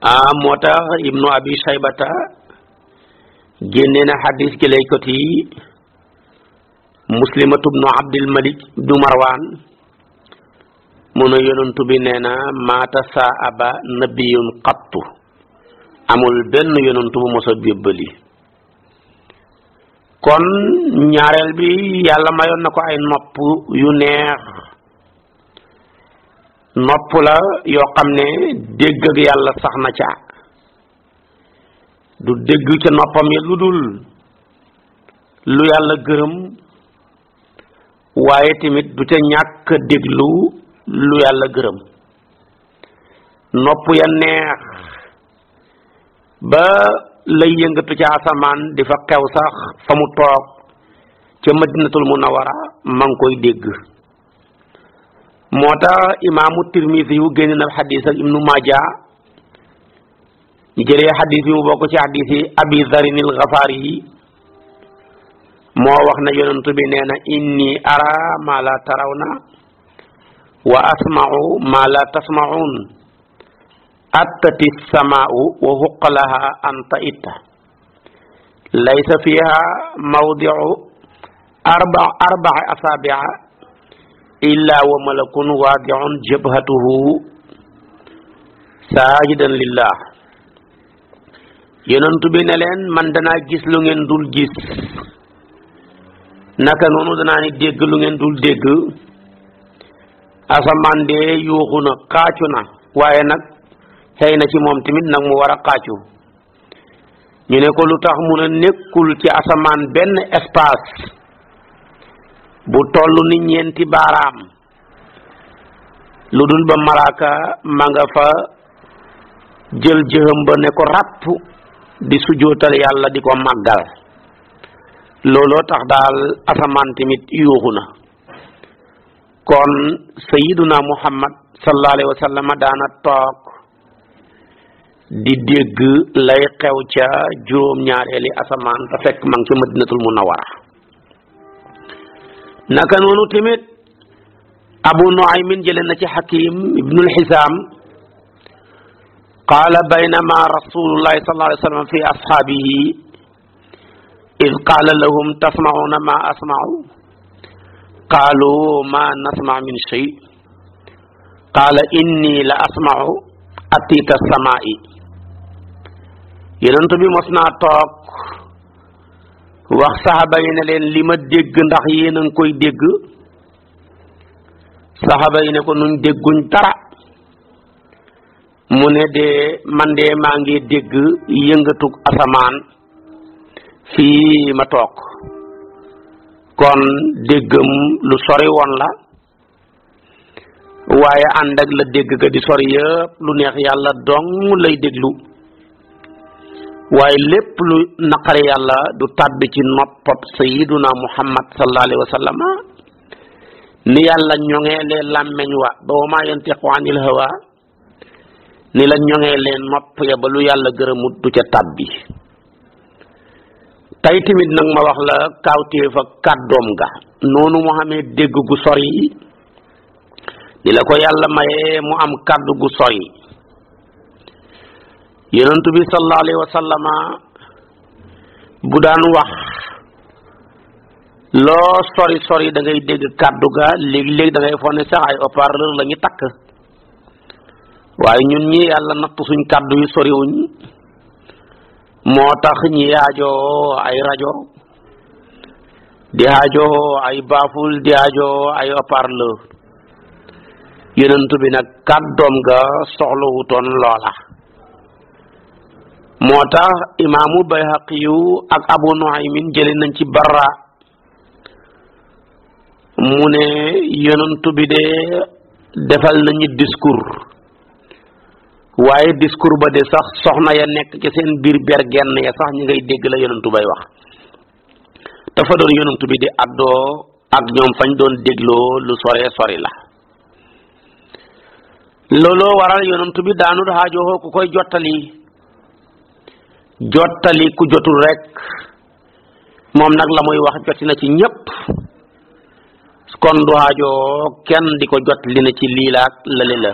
ah moo tax ibnu abi shaybata génne na xadis ki lay kot muslimatu bnu abdil malik du marwaan mu ne yonent bi nee na maata saa aba nabiyun qattu amul benn yonent bu mos a jébbali kon ñaareel bi yàlla mayoon na ko ay nopp yu neex nopp la yoo xam ne dégg ak yàlla sax na ca du dégg ca noppam ya lu dul lu yàlla gërëm waaye tamit du ca ñàkk déglu lu yàlla gërëm nopp ya neex ba lay yëngatu ca asamaan di fa xew sax fa mu toog ca madinatul munawara ma ngi koy dégg moo tax imaamu tirmisi yu génn na xadis ak ibnu maja ñu jëlee xadis bi mu bokk ci xadis yi abi zarin il gafaar yi moo wax na yonentu bi nee na inni ara ma la tarawna wa asmau ma la tasmaun attati samaau wa huqalaha an ta'itta laysa fiha mawdiu arba arba'a asaabi'a illaa wa malakun waadiun jabhatuhu saajidan lillah yonentu bi ne leen man danaa gis lu ngeen dul gis naka noonu danaa ni dégg lu ngeen dul dégg asamaan de yuuxu na xaacu na waaye nag xëy na ci moom tamit nag mu war a ñu ne ko lu tax mu ne nekkul ci asamaan benn espace bu toll ni ñeenti baaraam lu dul ba malaaka ma nga fa jël jëhëm ba ko ràpp di sujootal yàlla di ko màggal looloo tax daal asamaan tamit yuuxu na kon sayiduna muhammad sallallahu alayhi wa daana toog di dégg lay xew ca juróom-ñaareeli asamaan te fekk ma ngi ci madinatul munawara naka noonu tamit abu nuaymin jële na ci hakim ibnul hisaam qaala baynama rasulullahi sallallahu alayhi wa sallam fi ashaabihi id qaala lahum tasmauna ma asmau qaalu ma nasma min shay qaala inni la asmau atita samaai yonent bi mos naa toog wax saxaba yi ne leen li ma dégg ndax yéen a koy dégg saxaba yi ne ko nun dégguñ dara mu ne de man de maa ngi dégg yëngatug asamaan fii ma toog kon déggam lu sori woon la waaye ànd ak la dégg ga di sori yëpp lu neex yàlla dong lay déglu waaye lépp lu naqare yàlla du tàbbi ci noppab sayiduna muhammad sallallahu alayhi wa sallam ni yàlla ñoŋeelee làmmeñ wa ba wa maa yantiqu anil hawa ni la ñoŋeelee nopp ya ba lu yàlla gërëmut du ca tàbbi tey tamit nag ma wax la kawtéef kàddoom ga noonu mu xamee dégg gu sori ni la ko yàlla mayee mu am kàdd gu sori yonentu bi sallallahu alayhi wa sallama bu daan wax loo sori sori da ngay dégg kàddu ga léegi-léegi dangay ngay sax ay haut-parleur takk waaye ñun ñi yàlla nattu suñ kàddu yu soriwuñ moo tax ñi yaajoo ay rajo di aajoo ay baaful di aajoo ay haut-parleur yonentu bi nag kàddoom ga soxlawutoon loola moo tax imaamu bayhaqiyu ak abu nuaymin jële nañ ci barra mu ne yonantu bi de defal nañu discours waaye discours ba de sax soxna ya nekk ca seen biir bergenn ya sax ñu ngay dégg la yonantu bay wax dafa doon yonantu bi di àddoo ak ñoom fañ doon dégloo lu sore sori la looloo waral yonantu bi daanu xaajoo ku koy jottali jottali ku jotul rek moom nag la muy wax joti na ci ñépp kon du xaajoo kenn di ko jot li na ci liilaak lale la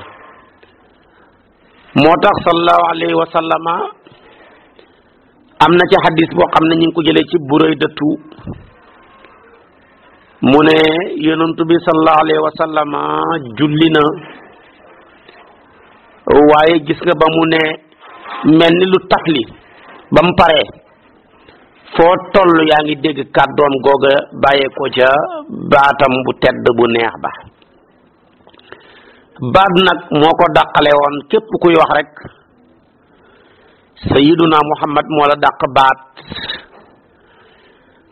moo tax sallallahu alayhi wa am na ci xadis boo xam ne ñu ngi ko jëlee ci buray dëttu mu ne yonantu bi sallallahu alayhi wa julli na waaye gis nga ba mu ne mel ni lu li ba mu paree foo toll yaa ngi dégg kàddoom googa bàyyeekoo ca baatam bu tedd bu neex ba baat nag moo ko dàqale woon képp kuy wax rek sayiduna muhammad moo la dàq baat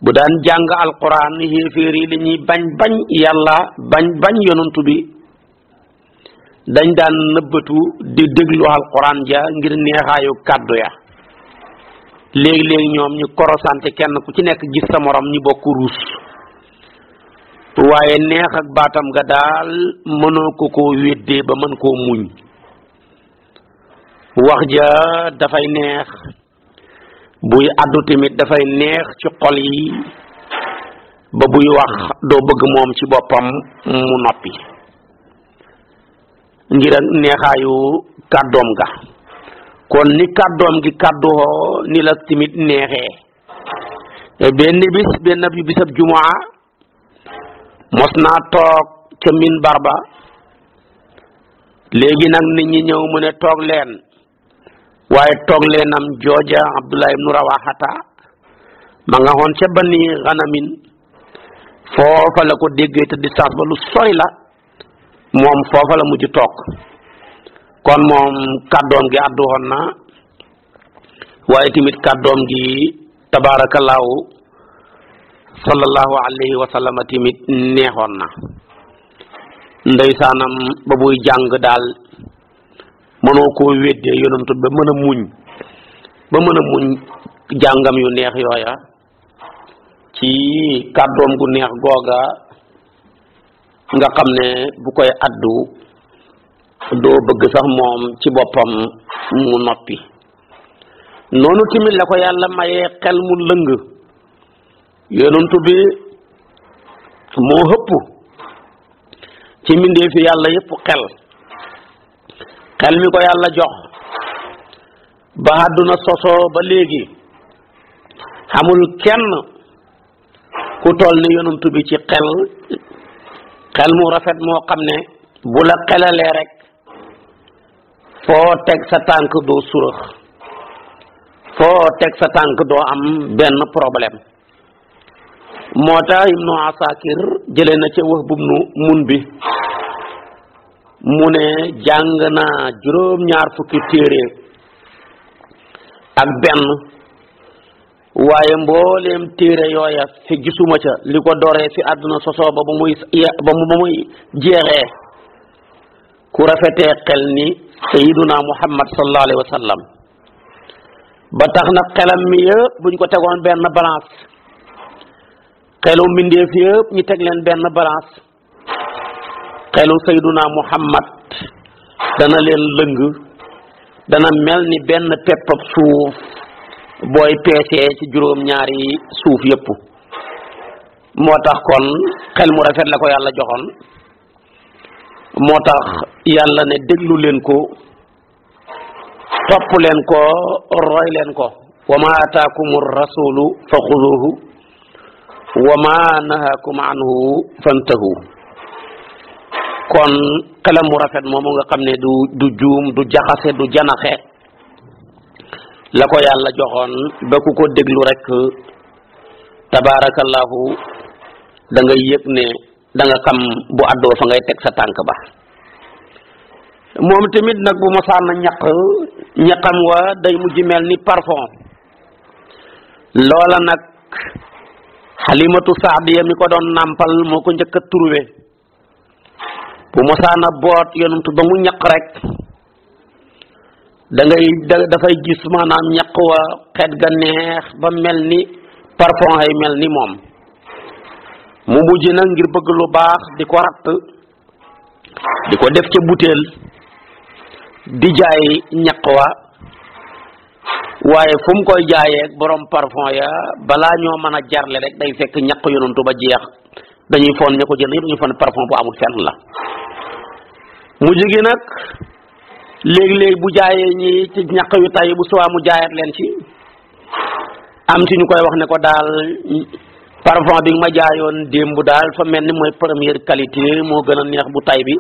bu daan jàng alquran xéeféer yi li ñuy bañ bañ yàlla bañ bañ yonantu bi dañ daan nëbbatu di déglu alquran ja ngir neexaayu kàddu ya léegi-léegi ñoom ñu korosante kenn ku ci nekk gis sa moroom ñu bokk ruus waaye neex ak baatam ga daal mënul ko ko weddee ba mën koo muñ wax ja dafay neex buy àddu tamit dafay neex ci xol yi ba buy wax doo bëgg moom ci boppam mu noppi ngir ak neexaayu kàddoom ga kon ni kàddoom gi kàdduwoo ni la timit neexee benn bis benn bisab jumaa mos naa toog ca minbar ba léegi nag ni ñi ñëw mu ne toog leen waaye toog leenam jooja Abdullah ibnu Rawaxata ma nga xoon ca Bani Xanamin foofa la ko déggee te distance ba lu sori la moom foofa la mujj toog kon moom kàddoom gi àddu na waaye tamit kàddoom gi tabaarakallaahu sallallahu alayhi wa sallam neexoon na ndeysaanam ba buy jàng daal mënoo koo weddee yonantu ba mën a muñ ba mën a muñ jàngam yu neex yooya ci kàddoom gu neex googa nga xam ne bu koy àddu doo bëgg sax moom ci boppam mu noppi noonu timit la ko yàlla mayee xel mu lëng yonent bi moo hëpp ci mbindeefi yàlla yëpp xel xel mi ko yàlla jox ba àdduna sosoo ba léegi xamul kenn ku toll ni yonent bi ci xel xel mu rafet moo xam ne bu la xelalee rek foo teg sa tànk doo surax foo teg sa tànk doo am benn problème moo tax ibnu asakir jëlee na ca wax bub nu mun bi mu ne jàng naa juróom-ñaar fukki téere ak benn waaye mbooleem téere yooya fi gisuma ca li ko doree fi àdduna sosoo ba ba muy ba muy jeexee ku rafetee xel ni sayiduna muhammad sallallahu alayhi ba tax na xelam mi yëpp buñ ko tegoon benn balance xelu mbindeef yëpp ñu teg leen benn balance xelu sayiduna muhammad dana leen lëng dana mel ni benn peppab suuf booy peesee ci juróom ñaari suuf yépp moo tax kon xel mu rafet la ko yàlla joxoon moo tax yàlla ne déglu leen ko topp leen ko roy leen ko wa ma ataakum rasulu fa xuduhu wa ma nahakum anhu fantahu kon xelam mu rafet moomu nga xam ne du du juum du jaxase du janaxe la ko yàlla joxoon ba ku ko déglu rek tabarakallahu da danga yëg ne danga nga xam bu àddoo fa ngay teg sa tànk ba moom tamit nag bu mosaan na ñaq ñaqam wa day mujj mel ni parfum loola nag xalimatu saadiya mi ko doon nàmpal moo ko njëkk a trouvé bu mosaan a boot yonumtu ba mu ñaq rek da ngay dafay gis maanaam ñaq wa xet ga neex ba mel ni parfum ay mel ni moom mu mujj nag ngir bëgg lu baax di ko ratt di ko def ca butéel di jaay ñaq wa waaye fu mu koy jaayee boroom parfum ya balaa ñoo mën a jarle rek day fekk ñaq yonantu ba jeex dañuy foon ña ko jënd yëpp dañuy foon parfum bu amul fenn la mujj gi nag léegi-léegi bu jaayee ñi ci ñaq yu tay bu suwaa mu leen ci am ci ñu koy wax ne ko daal parfum bi nga ma jaayoon démb daal fa mel ni mooy première qualité moo gën a neex bu tay bi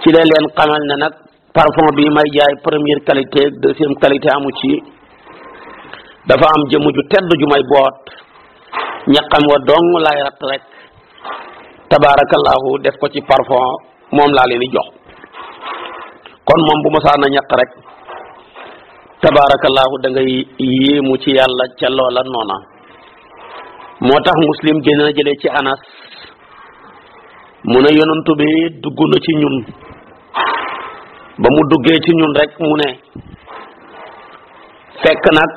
ci la leen xamal ne nag parfum bi may jaay première qualité deuxième qualité amu ci dafa am jëmm ju tedd ju may boot ñaqam wa dong lay rat rek tabaarakallaahu def ko ci parfum moom laa leen di jox kon moom bu ma a ñaq rek tabaarakallaahu da ngay yéemu ci yàlla ca loola noona moo tax muslim génn na jëlee ci anas mu ne yonantu bi dugg na ci ñun ba mu duggee ci ñun rek mu ne fekk nag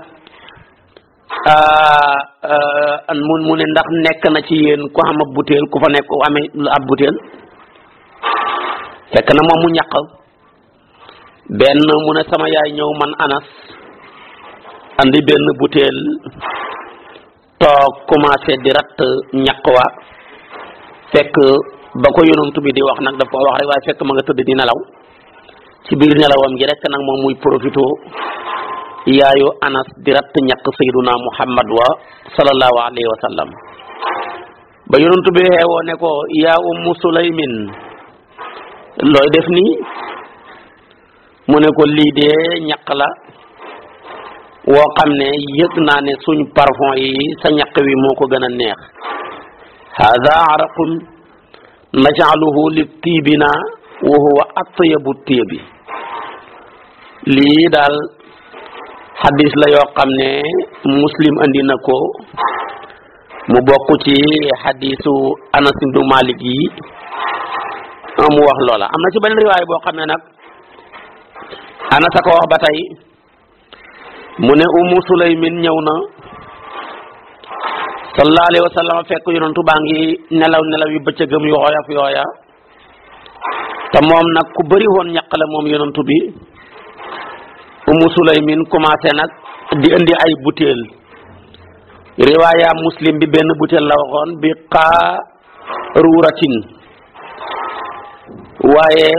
mu mu ne ndax nekk na ci yéen ku am ab butéel ku fa nekk amee ab butéel fekk na moom mu ñaq benn mu ne sama yaay ñëw man anas andi benn butéel toog commencé di ratt ñaq wa fekk ba ko yonent bi di wax nag daf ko wax rek waaye fekk ma nga tëdd di nelaw ci biir nelawam ji rek nag moom muy profito yaayu anas di ratt ñaq sayduna muhammad wa sallallahu alayhi wa sallam ba yonent bi xeewoo ne ko yaa ummu sulaymin looy def nii mu ne ko lii dee ñaq la woo xam ne yëg naa ne suñ parfum yi sa ñaq wi moo ko gën a neex hada araqun najaaluhu li tiibina wa huwa atyabu tiibi lii daal xadis la yoo xam ne muslim andi na ko mu bokk ci xadisu anas ibnu malik yi mu wax loola am na ci benn riwaay boo xam ne nag anasa ko wax ba tey mu ne umu sulaymin ñëw na sallallahu alayhi wa sallam fekk yonantu baa ngi nelaw nelaw yu bëccëgam yooya fu yooya te moom nag ku bari woon ñaq la moom yonantu bi umu sulaymin commencé nag di indi ay butéel riwaaya muslim bi benn butéel la waxoon bi qaaruratin waaye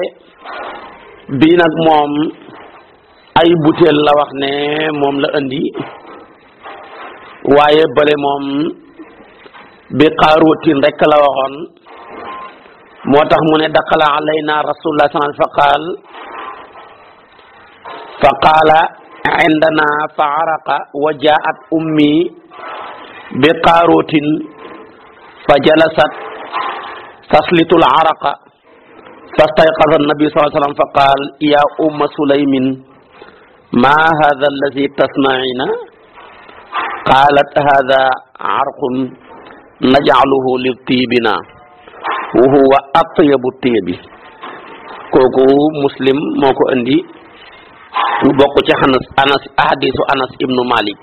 bii nag moom ay butéel la wax ne moom la andi waaye bale moom bi qaarutin rekk la waxoon moo tax mu ne daqala alayna rasulullah sallallahu fa qaal fa qaala indana fa araqa wa jaat ummi bi qaarutin fa jalasat taslitu al araqa fastayqada annabi sallallahu fa qaal ya umma sulaymin ma hada alladi tasnaina qalat hada arqun najcaluhu li tiibina wa huwa atyabu tiibi kooku muslim moo ko andi mu bokk ci anas anas ahadisu anas ibnu malik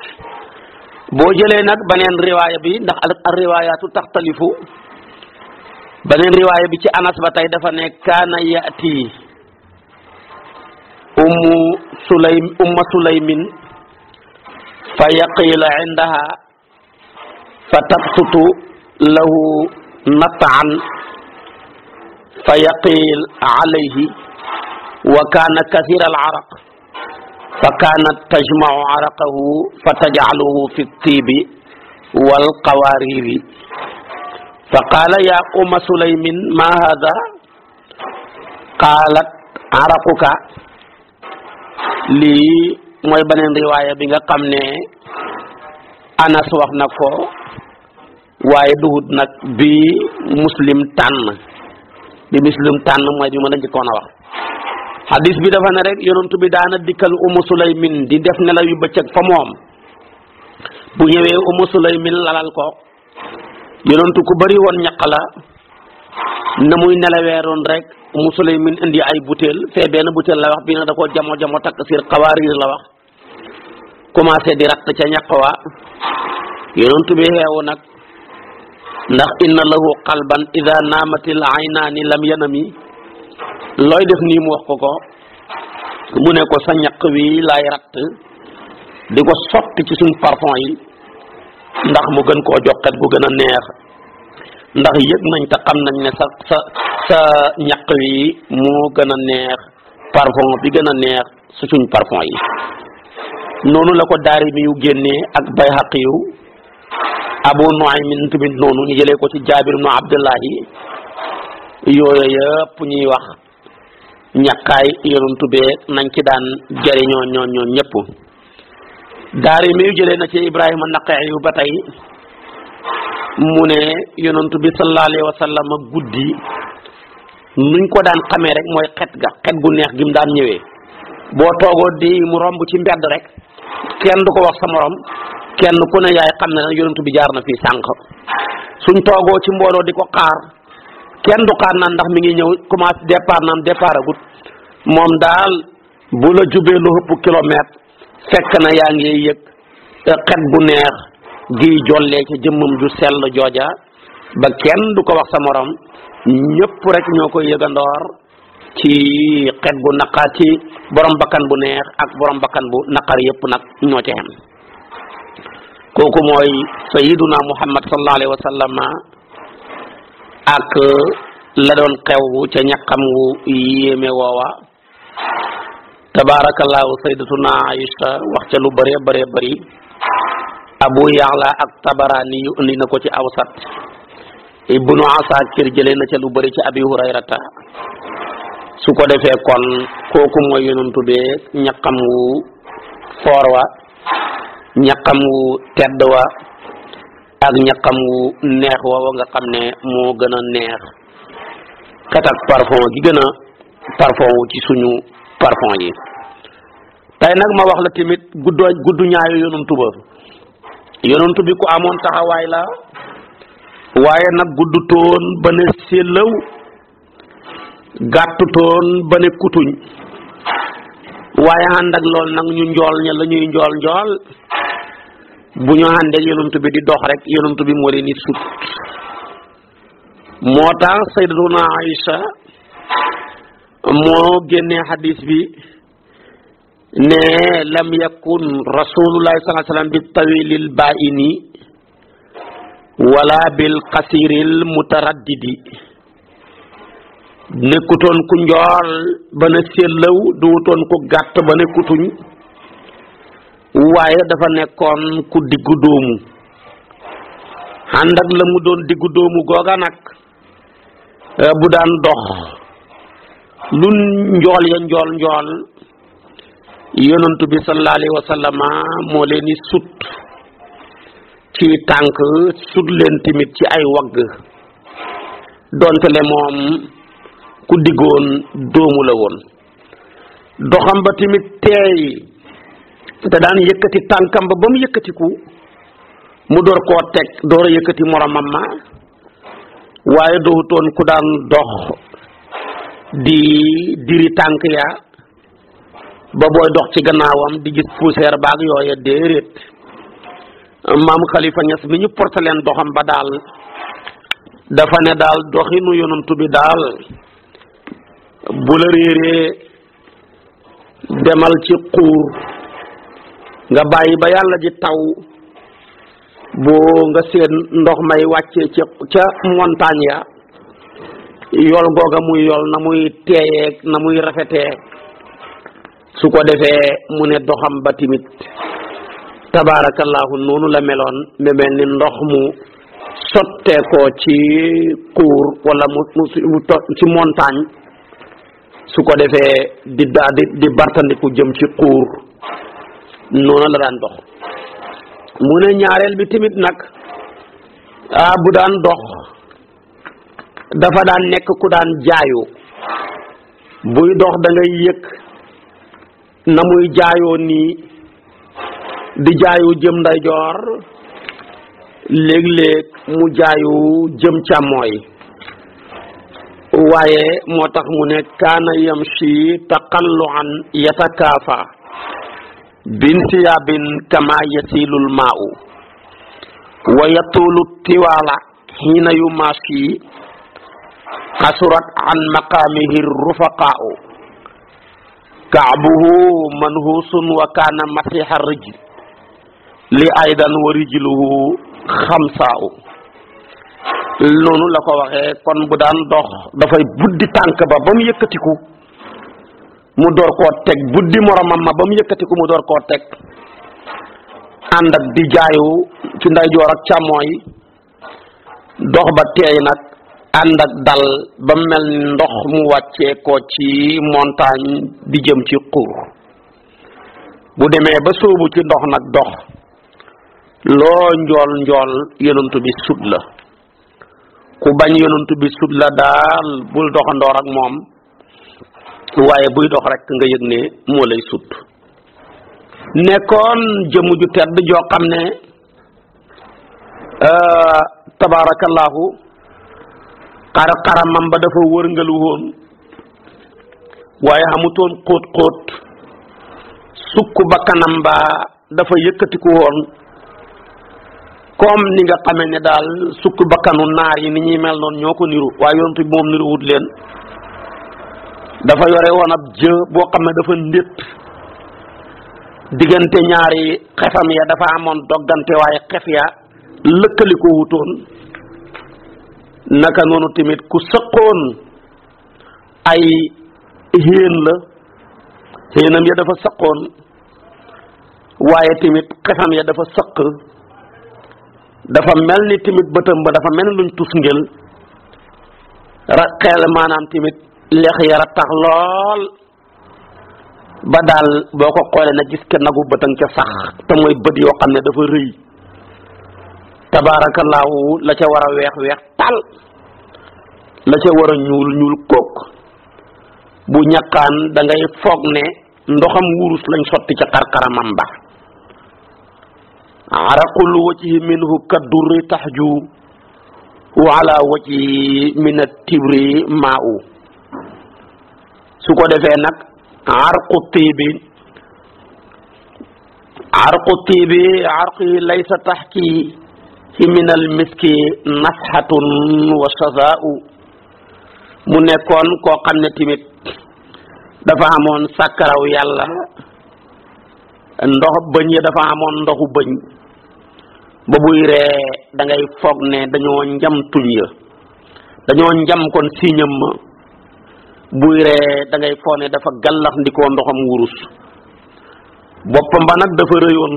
boo jëlee nag beneen riwaaya bi ndax al riwaayaatu taxtalifu beneen riwaaya bi ci anas ba tey dafa ne kaana yaati ummu sulaym umma sulaymin fa yaqiila indaha fa tabsutu lahu nataan fa yaqiil alayhi wa kaana kathira al araq fa kaanat tajmau araqahu fa tajcaluhu fi tiibi wal qawaariiri fa qaala yaa umma sulaymin ma hada qaalat araquka lii mooy beneen riwaaya bi nga xam ne anas wax na ko waaye duhut nag bi muslim tànn bi muslim tànn mooy bi ma la njëkkoon a wax hadis bi dafa ne rek yonent bi daana dikkal umu sulaymin di def nelaw yu bëccëg fa moom bu ñëwee umu miin lalal ko yonent ku bari woon ñaq la na muy nelaweeroon rek mu Sulaymin indi ay butéel fee benn butéel la wax bii nag da koo jamo jamo takk sir xawaariir la wax commencé di ratt ca ñaq wa yonent bi xeewu nag ndax inna lahu qalban ida naamatil aynaani lam yanami looy def nii mu wax ko ko mu ne ko sa ñaq wi lay ratt di ko sotti ci suñ parfum yi ndax mu gën koo joxet gu gën a neex ndax yëg nañ te xam nañ ne sa sa sa ñaq wi moo gën a neex parfum bi gën a neex su suñ parfum yi noonu la ko daari mi yu génnee ak bay xaq yu abu nuaymin tamit noonu ñu jëlee ko ci jaabir ibnu abdullahi yooyu yëpp ñuy wax ñaqaay yonantu bee nañ ci daan jëriñoo ñoo ñoo ñëpp daari mi yu jëlee na ci ibrahima naqe yu ba tey mu ne yonantu bi sallallahu alayhi wa sallam guddi nuñ ko daan xamee rek mooy xet ga xet gu neex gi mu daan ñëwee boo toogoo di mu romb ci mbedd rek kenn du ko wax sa morom kenn ku ne yaay xam ne na yonantu bi jaar na fii sànq suñ toogoo ci mbooloo di ko xaar kenn du xaar naan ndax mi ngi ñëw commencé départ naan départ agut moom daal bu la jubee lu ëpp kilomètre fekk na yaa ngi yëg xet bu neex. giy jollee ca jëmmam ju sell jooja ba kenn du ko wax sa morom ñëpp rek ñoo koy yëgandoor ci xet bu naqar ci borom bakkan bu neex ak borom bakkan bu naqar yépp nag ñoo ca xem kooku mooy sayiduna muhammad sallallahu alayhi wa ak la doon xew ca ñaqam wu yéeme woowa tabarakallahu saydatuna aïcha wax ca lu bëree bëree bari abu yaxla ak tabaraani yu indi na ko ci awsat ibnu asakir jëlee na ca lu bëri ci abi hurayrata su ko defee kon kooku mooy yonantu bee ñaqam wu foor wa ñaqam wu tedd wa ak ñaqam wu neex wa wa nga xam ne moo gën a neex kat ak parfum gi gën a parfum wu ci suñu parfum yi tey nag ma wax la tamit guddoo gudd ñaayu yonantu ba yonentu bi ku amoon taxawaay la waaye nag guddutoon ba ne séllaw gàttutoon ba ne kutuñ waaye ànd lool nag ñu njool ña la ñuy njool njool bu ñu àndeek yonentu bi di dox rek yonentu bi moo leen di sut moo tax sayyidatuna Aïcha moo génnee xadiis bi ne lam yakun rasulullahi bi tawilil baini wala bil qasiril mutaraddidi nekkutoon ku njool ba na sellaw duwutoon ku gàtt ba ne kutuñ waaye dafa nekkoon ku diggu dóomu ànd ak la mu doon diggu dóomu googa nag eh, bu daan dox lu njool ya njool njool yonantu bi sallallahu alayhi wa moo leen di sut ci tànk sut leen tamit ci ay wagg donte le moom ku diggoon doomu la woon doxam ba tamit teey te daan yëkkati tànkam ba ba mu yëkkatiku mu door koo teg door a yëkkati moromam ma waaye dootoon ku daan dox di diri tànk ya ba booy dox ci gannaawam di gis poussière baag yooya déeréet maam Khalifa Niass mi ñu porte leen doxam ba daal dafa ne daal doxinu yonantu bi daal bu la réeree demal ci xuur nga bàyyi ba yàlla ji taw boo nga seen ndox may wàccee ci ca montagne ya yool googa muy yool na muy teeyeeg na muy rafetee su ko defee mu ne doxam ba timit tabaarakallaahu noonu la meloon mu mel ni ndox mu sotteekoo ci kuur wala mu mu ci montagne su ko defee di daa di di bartandiku jëm ci kuur noonu la daan dox mu ne ñaareel bi timit nag ah bu daan dox dafa daan nekk ku daan jaayu buy dox da ngay yëg na muy jaayoo nii di jaayu jëm ndeyjoor léeg-léeg mu jaayu jëm càmmooy waaye moo tax mu ne kaana yamshi taqalluan yatakaafa bin siyaabin kama yasilul maa'u wa yatulu tiwaala xiina yu maashi xasurat an maqaamihi rufaqaa'u kaabuhu manhusun wa kaana masiha rijl li aydan wa rijluhu xamsaa'u noonu la ko waxee kon bu daan dox dafay buddi tànk ba ba mu yëkkatiku mu door koo teg buddi moromam ma ba mu yëkkatiku mu door koo teg ànd ak di jaayu ci ndeyjoor ak càmmooy dox ba teey nag ànd ak dal ba mel ni ndox mu wàccee ko ci montagne di jëm ci xuur bu demee ba sóobu ci ndox nag dox loo njool njool yonantu bi sut la ku bañ yonantu bi sut la daal bul doxandoor ak moom waaye buy dox rek nga yëg ne moo lay sut nekkoon jëmm ju tedd joo xam ne euh, tabaarakallahu xar xaramam ba dafa wërngalu woon waaye xamutoon xóot xóot sukk bakkanam ba dafa yëkkatikuwoon woon comme ni nga xame ne daal sukk bakkanu naar yi ni ñuy mel noonu ñoo ko niru waaye yonent bi moom niru leen dafa yore woon ab jë boo xam ne dafa ndét diggante ñaari xefam ya dafa amoon doggante waaye xef ya lëkkali naka noonu tamit ku sëqoon ay héen la héenam ya dafa sëqoon waaye tamit xefam ya dafa sëq dafa mel ni tamit bëtam ba dafa mel ni luñ tus ngel ra xel maanaam tamit leex ya rattax lool ba daal boo ko xoolee na gis ka nagu bëtan ca sax te mooy bët yoo xam ne dafa rëy tabaarakallaahu la ca war a weex weex tal la ca war a ñuul ñuul kook bu ñaqaan da ngay foog ne ndoxam wurus lañ sotti ca xarxaramam ba araqul wajhi minhu kaddurri taxju wa ala su ko defee nag arqu tiibi arqu tiibi arqi laysa taxki ci minal miski nafhatun wa shazaa'u mu nekkoon koo xam ne tamit dafa amoon sàkkaraw yàlla ndox bëñ ya dafa amoon ndoxu bëñ ba buy ree da foog ne dañoo njam tuñ ya dañoo njam kon siiñam ma buy ree da foog ne dafa gallax ndikoo ndoxam wurus boppam ba nag dafa rëyoon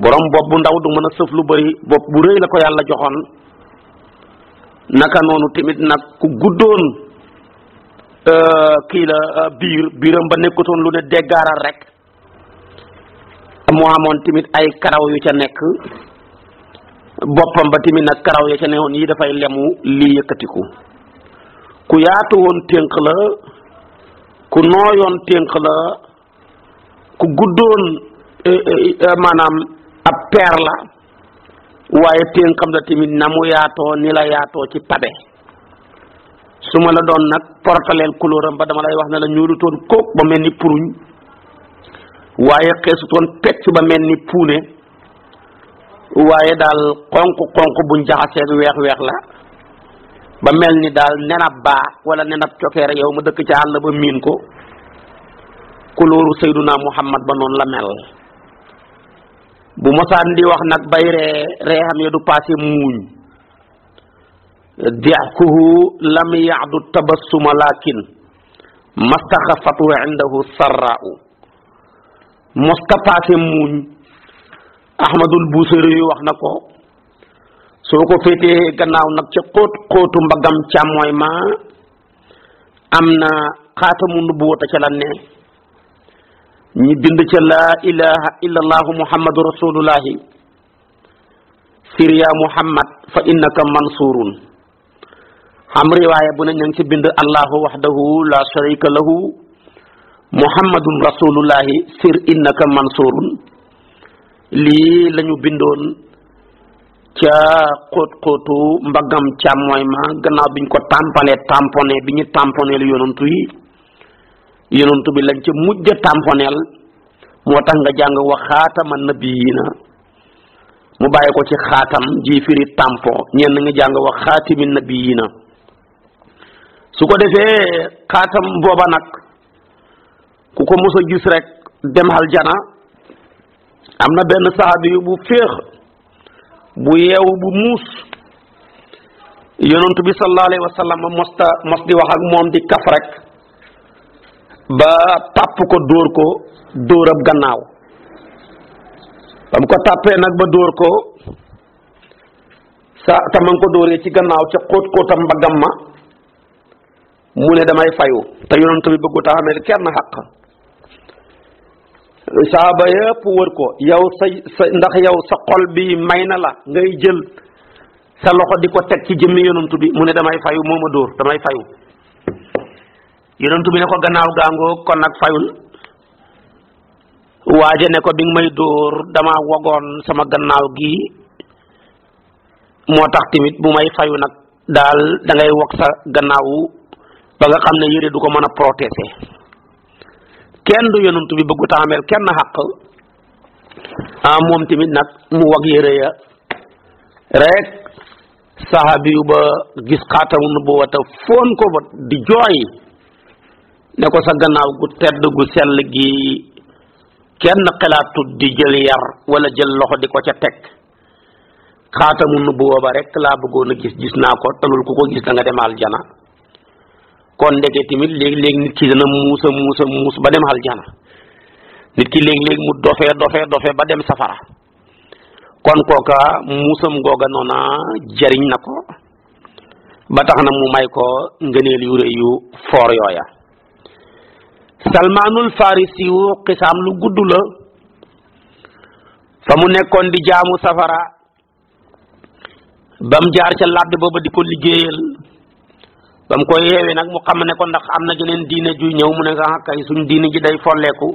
borom bopp bu ndaw du mën a sëf lu bari bopp bu rëy la ko yàlla joxoon naka noonu tamit nag ku guddoon euh, kii la euh, biir biiram ba nekkatoon lu ne déggaaral rek mu amoon tamit ay karaw yu ca nekk boppam ba timit nag karaw ya ca ne woon yii dafay lemu lii yëkkatiku ku yaatu woon ténk la ku nooyoon ténk la ku guddoon euh, maanaam ab peer la waaye ténkam la tamit na mu yaatoo ni la yaatoo ci pabe su ma la doon nag portaleel couleuram ba dama lay wax na la ñuulutoon kóog ba mel ni puruñ waaye xeesutoon pecc ba mel ni puune waaye daal xonq xonq buñ jaxaseeg weex weex la ba mel ni daal nenab baa wala nenab cokeere yow ma dëkk ca àll ba miin ko couleur Seyduna Muhammad ba noonu la mel bu mosaan di wax nag bay ree ree xam ya du passé muuñ dexkuhu lam yaadu tabassuma lakin mastaxafatu indahu sarraau mosta passé muuñ ahmadul busiri yu wax na ko soo ko féetee gannaaw nag ca xóot xóotu mbagam càmmooy ma am na xaatamu nubuwata ca la ne ñi bind ca laa ilaha illa allahu muhammadu rasulullahi siriya muhammad fa innaka mansurun xam riwaaya bu ne ña ci bind allahu waxdahu la sharika lahu muhammadun rasulullahi sir innaka mansurun lii lañu bindoon ca xóot xóotu mbagam càmmooy ma gannaaw biñ ko tamponé tamponé bi ñu tamponé lu yi yonent bi lañ ca mujj a moo tax nga jàng wa xaatama nabiyiina mu bàyyi ko ci xaatam ji firi tampon ñenn ngi jàng wax wa xaatimi yiina su ko defee xaatam booba nag ku ko mos a gis rek dem aljana am na benn saxaabi yu bu féex bu yeewu bu muus yonent bi sallallahu alayhi wa sallam mos ta mos di wax ak moom di kaf rek. ba tàpp ko dóor ko dóoram gannaaw dam ko tàppee nag ba dóor ko sa tamang ko dóoree ci gannaaw ca xóot xóotam mbaggam ma mu ne damay fayu te yonent bi bëggu ta xamee kenn xaq saaba yëpp wër ko yow sa sa ndax yow sa xol bi may na la ngay jël sa loxo di ko teg ci jëmmi yonent bi mu ne damay fayu moom ma dóor damay fayu yonentu bi ne ko gannaaw gaangoo kon nag fayul waaje ne ko bi nga may dóor dama wogoon sama gannaaw gi moo tax tamit bu may fayu nag daal dangay ngay wog sa gannaawu ba nga xam ne yére du ko mën a protéger kenn du yonentu bi bëggu taameel kenn xaq ah moom tamit nag mu wog yére ya rek saxaabi yu ba gis xaatamu nubuwata foon ko ba di jooy ne ko sa gannaaw gu tedd gu sell gi kenn xalaatut di jël yar wala jël loxo di ko ca teg xaatamu nubuwa ba rek laa bëggoon a gis gis naa ko talul ku ko gis da nga dem aljana kon ndeke tamit léegi-léegi nit ki dana muusa muusa muus ba dem aljana nit ki léegi-léegi mu dofee dofee dofee ba dem safara kon kooka muusam googa noona jariñ na ko ba tax na mu may ko ngëneel yu rëy foor yooya salmaanul farisi wu xisaam lu gudd la fa mu nekkoon di jaamu safara bam jaar ca ladd booba di ko liggéeyal ba mu koy yeewee nag mu xam ne ko ndax am na jeneen diine ju ñëw mu ne nga ah, kay suñ diine ji day folleeku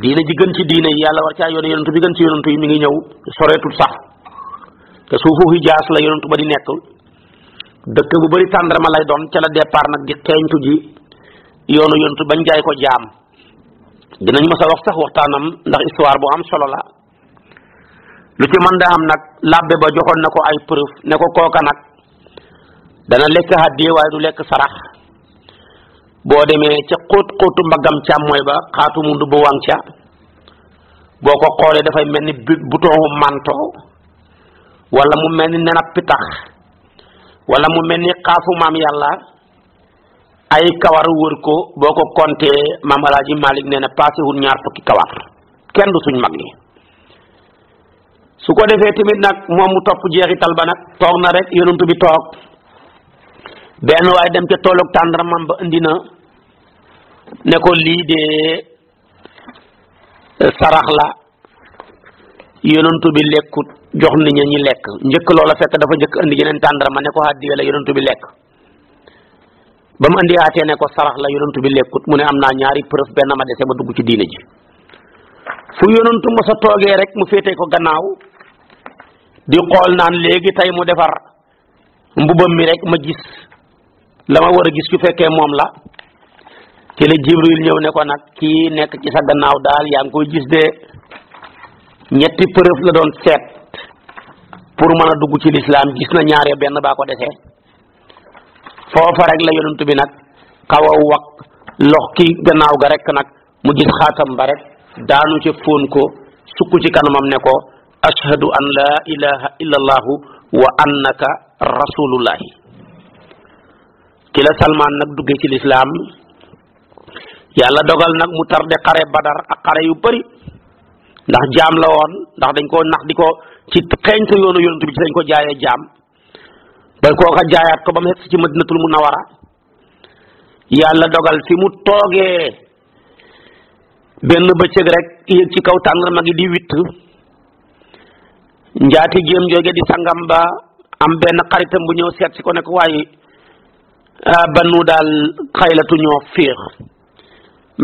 diine ji gën ci diine yi yàlla war caa yoon yonentu bi gën ci yonentu yi mi ngi ñëw soreetul sax te suufu hijaas la yonentu ba di nekk dëkk bu bari tàndarma lay doon ca la départ nag di xeeñtu ji yoonu yontu bañ jaay ko jaam dinañ mës a wax sax waxtaanam ndax histoire bu am solo la lu ci mën daa am nag làbbe ba joxoon na ko ay preuve ne ko kooka nag dana lekk hàddee du lekk sarax boo demee ca xóot xóotu mbaggam càmmooy ba xaatu mu ndubbu wàng boo ko xoolee dafay mel ni bouton manto wala mu mel ni nenab pitax wala mu mel ni xaafu maam yàlla ay kawar wër ko boo ko compter maam El Hadj Malick nee na passé wul ñaar fukki kawar kenn du suñ mag ñi su ko defee tamit nag moom mu topp jeexital ba nag toog na rek yonent bi toog benn waaye dem ca toolog tàndaramam ba indi na ne ko lii de sarax la yonent lekkut jox nit ñi lekk njëkk loola fekk dafa njëkk indi yeneen tàndarama ne ko addiya la yonent bi lekk. ba mu indiwaatee ne ko sarax la yonantu bi lekkut mu ne am na ñaari preuve benn ma dese ma dugg ci diine ji fu yonantu ma sa toogee rek mu fetee ko gannaaw di xool naan léegi tey mu defar mbubam mi rek ma gis la ma war a gis su fekkee moom la ci la jibril ñëw ne ko nag kii nekk ci sa gannaaw daal yaa ngi koy gis de ñetti preuve la doon seet pour mën a dugg ci lislaam gis na ñaaree benn baa ko desee foofa rek la yonent bi nag xaw a lox ki gannaaw ga rek nag mu gis xaatam ba rek daanu ca fóon ko sukk ci kanamam ne ko ashhadu an laa ilaha illa allahu wa annaka rasulullahi ki salmaan nag duggee ci lislaam yàlla dogal nag mu tarde xare badar ak xare yu bari ndax jaam la woon ndax dañ ko nax di ko ci xeeñtu yoonu yonent bi ci dañ ko jaayee jaam day kooka jaayaat ko ba mu yegg ci madinatul wara yàlla dogal fi mu toogee benn bëccëg rek yéeg ci kaw tàndarma gi di witt njaati jéem jooge di sangam ba am benn xaritam bu ñëw seet si ko ne ko waaye banu daal xaylatu ñoo féex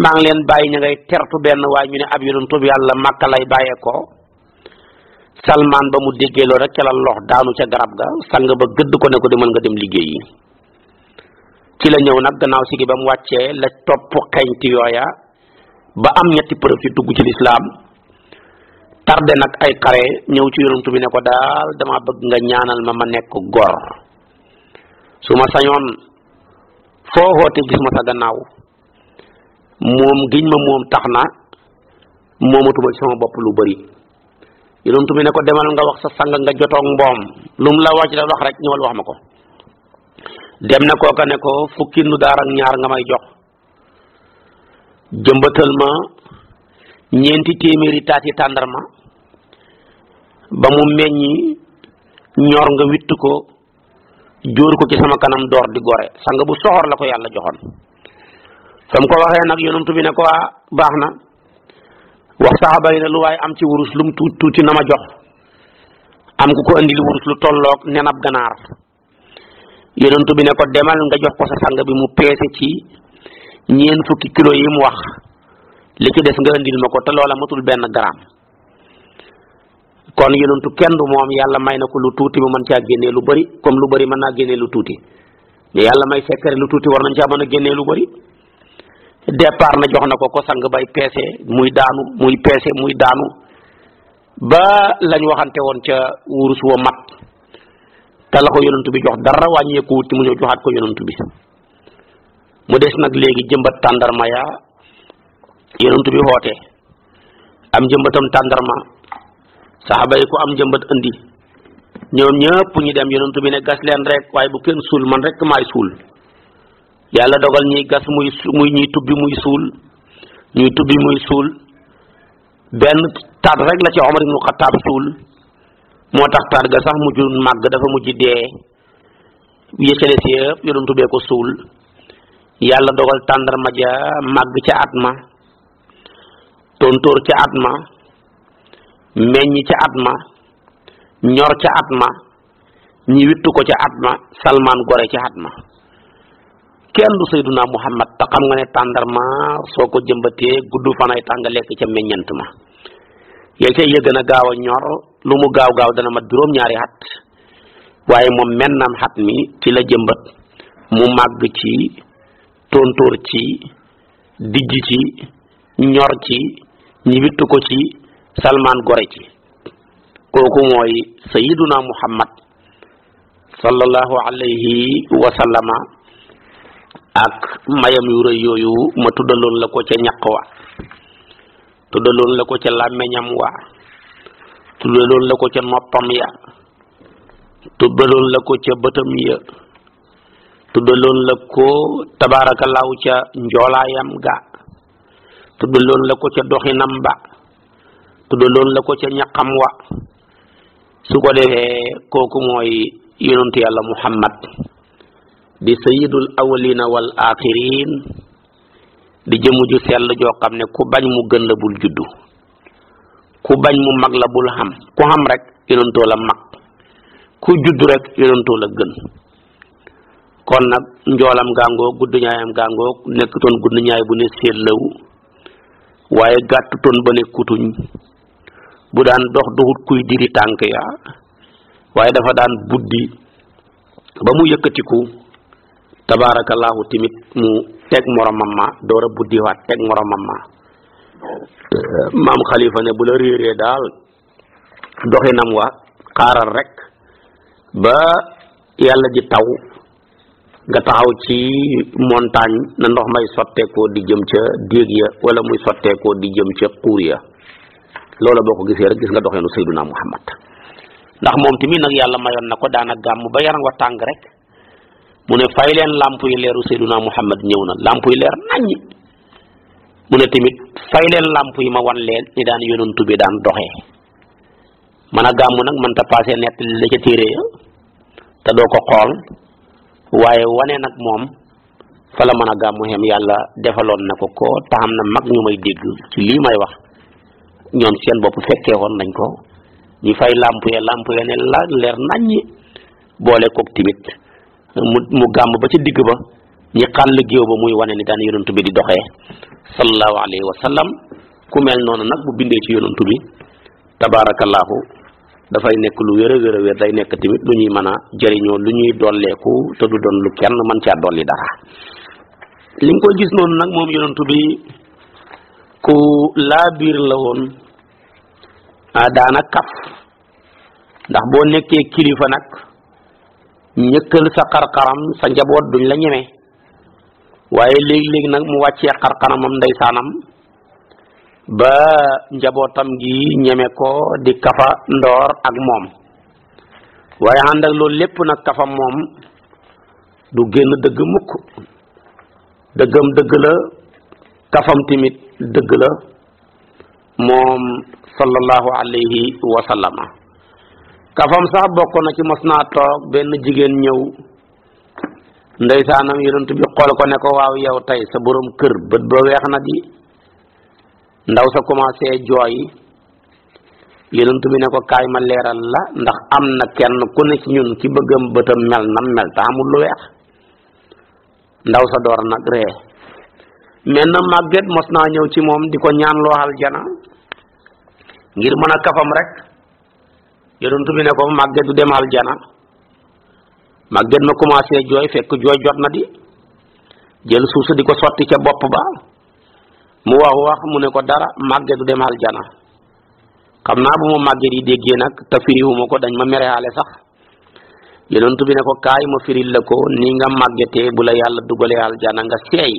maa ngi leen bàyyi ñu ngay tertu benn waaye ñu ne ab yonentu yàlla màkka lay bàyyee salmaan ba mu déggee loolu rek ca la lox daanu ca garab ga sang ba gëdd ko ne ko demal nga dem liggéeyi ci la ñëw nag gannaaw si gi ba mu wàccee la topp xeñti yooya ba am ñetti preuve yu dugg ci lislaam tarde nag ay xare ñëw ci yonantu bi ne ko daal dama bëgg nga ñaanal ma ma nekk gor su ma sañoon foo xoote gis ma sa gannaaw moom giñ ma moom tax na moomatuma ci sama bopp lu bari yonent bi ne ko demal nga wax sa sang nga jotoog mboom lu mu la wàcc la wax rek ñëwal wax ma ko dem na kooka ko fukki nu daar ñaar nga may jox jëmbatal ma ñeenti téeméeri taati tàndarma ba mu meññi ñor nga witt ko jóor ko ci sama kanam door di gore sang bu soxor la ko yàlla joxoon fam ko waxee nag yonent bi ne ko ah, baax na wax a yi na lu waaye am ci wurus lu mu tuuti tuuti na ma jox am ku ko andil wurus lu tolloog nenab ganaar yonentu bi ne ko demal nga jox ko sa sang bi mu peese ci ñeen fukki kilo yi mu wax li ci des nga andil ma ko te loola matul benn gramme kon yonentu kenn du moom yàlla may na ko lu tuuti mu mën caa génnee lu bari comme lu bari mën naa génnee lu tuuti mais yàlla may sekkare lu tuuti war nañ caa mën a génnee lu bari départ na jox na ko ko sang bay peese muy daanu muy peese muy daanu ba lañ waxante woon ca wurus wa mat te la ko yonantu bi jox dara wàññeeku wut mu ñëw joxaat ko yonantu bi mu des nag léegi jëmbat tàndarma ya yonantu bi xoote am jëmbatam tàndarma saxaaba yi ko am jëmbat indi ñoom ñëpp ñu dem yonantu bi ne gas leen rek waaye bu kenn suul man rek maay suul yàlla dogal ñuy gas muy muy ñuy tubbi muy suul ñuy tubbi muy suul benn taat rek la ci Omar ibnu Xataab suul moo tax taat ga sax mujj màgg dafa mujj dee yëccale si yëpp yu doon tubbee ko suul yàlla dogal tàndarma ja màgg ca at ma tontóor ca at ma meññ ci at ma ñor ci at ma ñi wittu ko ca at ma salmaan gore ca at ma kenn du sayduna muhammad te xam nga ne tàndarma soo ko jëmbatee gudd fanay tàng lekk ca meññant ma yooyu tey yëgën a gaaw a ñor lu mu gaaw gaaw dana mat juróom-ñaari at waaye moom mennam xat mi ci la jëmbat mu màgg ci tontóor ci dijj ci ñor ci ñi ko ci salmaan gore ci kooku mooy sayiduna muhammad sallallahu alayhi wa ak mayam yu yooyu ma tuddaloon la ko ca ñaq wa tuddaloon la ko ca làmmiñam wa tuddaloon la ko ca noppam ya tuddaloon la ko ca bëtam ya tuddaloon la ko tabaarakallaahu ca njoolaayam ga tuddaloon la ko ca doxinam ba tuddaloon la ko ca ñaqam wa su ko defee kooku mooy yonentu yàlla muhammad di sayyidul awwalina wal axirin di jëmu ju sell joo xam ne ku bañ mu gën la bul juddu ku bañ mu mag la bul xam ku xam rek yonantoo la mag ku juddu rek yonantoo la gën kon nag njoolam gàngoo gudd ñaayam gàngoo nekk toon gudd ñaay bu ne seetlawu waaye gàtt toon ba ne kutuñ bu daan dox doxut kuy diri tànk ya waaye dafa daan buddi ba mu yëkkatiku tabaarakallaahu timit mu teg moromam ma door a buddiwaat teg moromam ma maam xalifa ne bu la réeree daal doxinam wa xaaral rek ba yàlla ji taw nga taxaw ci montagne na ndox may sotteekoo di jëm ca déeg ya wala muy sotteekoo di jëm ca xuur ya loola boo ko gisee rek gis nga doxeenu Seyduna Muhammad ndax moom tamit nag yàlla mayoon na ko daana gàmm ba yaram wa tàng rek mu ne fay leen làmp yi leeru Seyduna Muhammad ñëw na làmp yi leer naññi mu ne tamit fay leen làmp yi ma wan leen ni daan yonantu bi daan doxe man a gàmm nag mënta paase nett la ca téere ya te doo ko xool waaye wane nag moom fa la mën a gàmmu xem yàlla defaloon na ko ko te na mag ñu may dégg ci lii may wax ñoom seen bopp fekkee woon nañ ko ñu fay làmp ya làmp ya ne la leer naññi boole kook timit mu mu gàmm ba ci digg ba ñi xàll géew ba muy wane ni daan yonantu bi di doxee sallallahu alayhi wa sallam ku mel noonu nag bu bindee ci yonantu bi tabaarakallaahu dafay nekk lu wér a wér day nekk tamit lu ñuy mën a jëriñoo lu ñuy dolleeku te du doon lu kenn mën caa dolli dara li nga koy gis noonu nag moom yonantu bi ku laa biir la woon ah, daana kaf ndax boo nekkee kilifa nag ñëkkal sa xarxaram sa njaboot duñ la ñeme waaye léegi-léegi nag mu wàccee xarxaramam ndeysaanam ba njabootam gi ñeme ko di kafa ndoor ak moom waaye ànd ak loolu lépp nag kafa moom du génn dëgg mukk dëggam dëgg la kafam tamit dëgg la moom sallallahu alayhi wa kafam sax bokk na ci mos naa toog benn jigéen ñëw ndeysaanam yonent bi xool ko ne ko waaw yow tey sa boroom kër bët ba weex na di ndaw sa commencé jooy yonent bi ne ko kaay ma leeral la ndax am na kenn ku ne ci ñun ci bëggam bëtam mel nam mel te amul lu weex ndaw sa door nag ree mel na màgget mos naa ñëw ci moom di ko ñaan loo aljana ngir mën a kafam rek yonent bi ne ko màgget du dem aljana màgget ma commencé jooy fekk jooy jot na di jël suuf di ko sotti ca bopp ba mu wax wax mu ne ko dara màgget du dem aljana xam naa bu ma màgget yi déggee nag te firiwuma ko dañ ma mereyaale sax yonent bi ne ko kaay ma firil la ko nii nga màggetee bu la yàlla dugalee aljana nga seey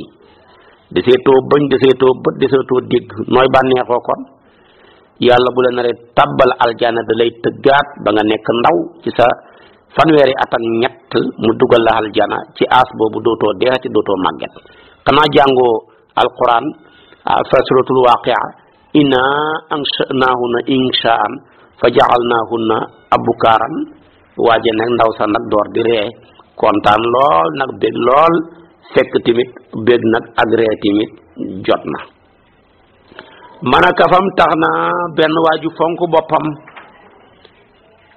deseetoo bëñ deseetoo bët deseetoo dégg nooy bànneexoo kon yàlla bu la naree tàbbal aljana da lay tëggaat ba nga nekk ndaw ci sa fanweeri at ñett mu dugal la aljana ci aas boobu dootoo deexati dootoo màgget xanaa jàngoo alquran ah, fa suratul waaqia inna anshanahunna inshaan fa jaalnahunna abukaaran waaje nag ndaw sa nag door di ree kontaan lool nag bég lool fekk tamit bég nag ak ree tamit jot na man a tax na benn waaju fonk boppam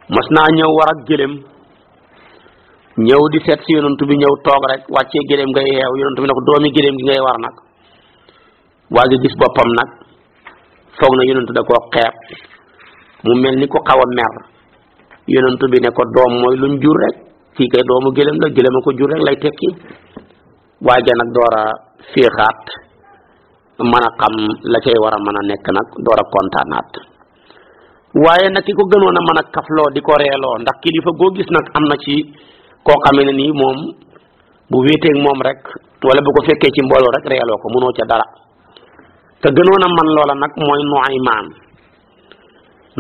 mas naa ñëw war ak gëléem ñëw di seet ci yonent bi ñëw toog rek wàccee gëléem ngay yeew yonent bi ne ko doomi gëléem gi ngay war nag waa gi boppam nag foog na yonent da koo xeeb mu mel ni ko xaw a mer yonent bi ne doom mooy luñ jur rek kii kay doomu gëléem la gëléem a ko jur rek lay tekki waaja nag door a féexaat mën a xam la cay war a mën a nekk nag door a kontaanaat waaye nag ki ko gënoon a mën a kafloo di ko reeloo ndax kilifa goo gis nag am na ci koo xamee ne nii moom bu wéeteeg moom rek wala bu ko fekkee ci mbooloo rek reeloo ko mënoo ca dara te gënoon a man loola nag mooy Nuaymaan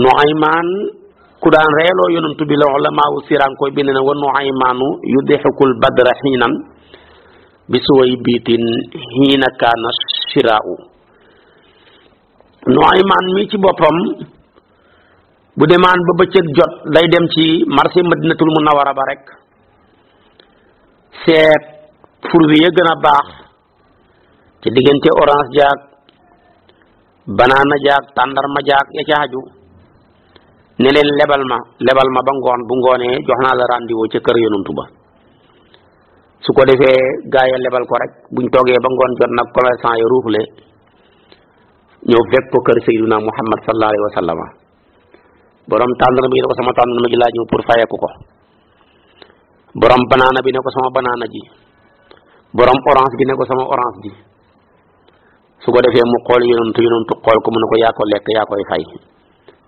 Nuaymaan ku daan reeloo yonantu bi la wax la maawu siraan koy bind na wa Nuaymaanu yudhikul badra xiinan bi suway biitin xiina kaana siraa'u Nuaymaan mi ci boppam bu demaan ba ba bëccëg jot day dem ci marché madinatul munawara ba rek seet fur wi ya gën a baax ci diggante orange jaag banaana jaag tàndarma jaag ya ca xaju ne leen lebal ma lebal ma ba ngoon bu ngoonee jox naa la rendez-vous ca kër yonantu ba su ko defee gaa ya lebal ko rek buñ toogee ba ngoon jot nag commerçant ya ruuxle ñëw fekk ko kër Seydina Muhammad sallallahu alayhi wa sallam borom tàndar bi ne ko sama tàndar ji laa ñëw pour fayeeku ko borom banaana bi ne ko sama banaana ji borom orange bi ne ko sama orange ji su ko defee mu xool yonantu yonantu xool ko mun ne ko yaa ko lekk yaa koy fay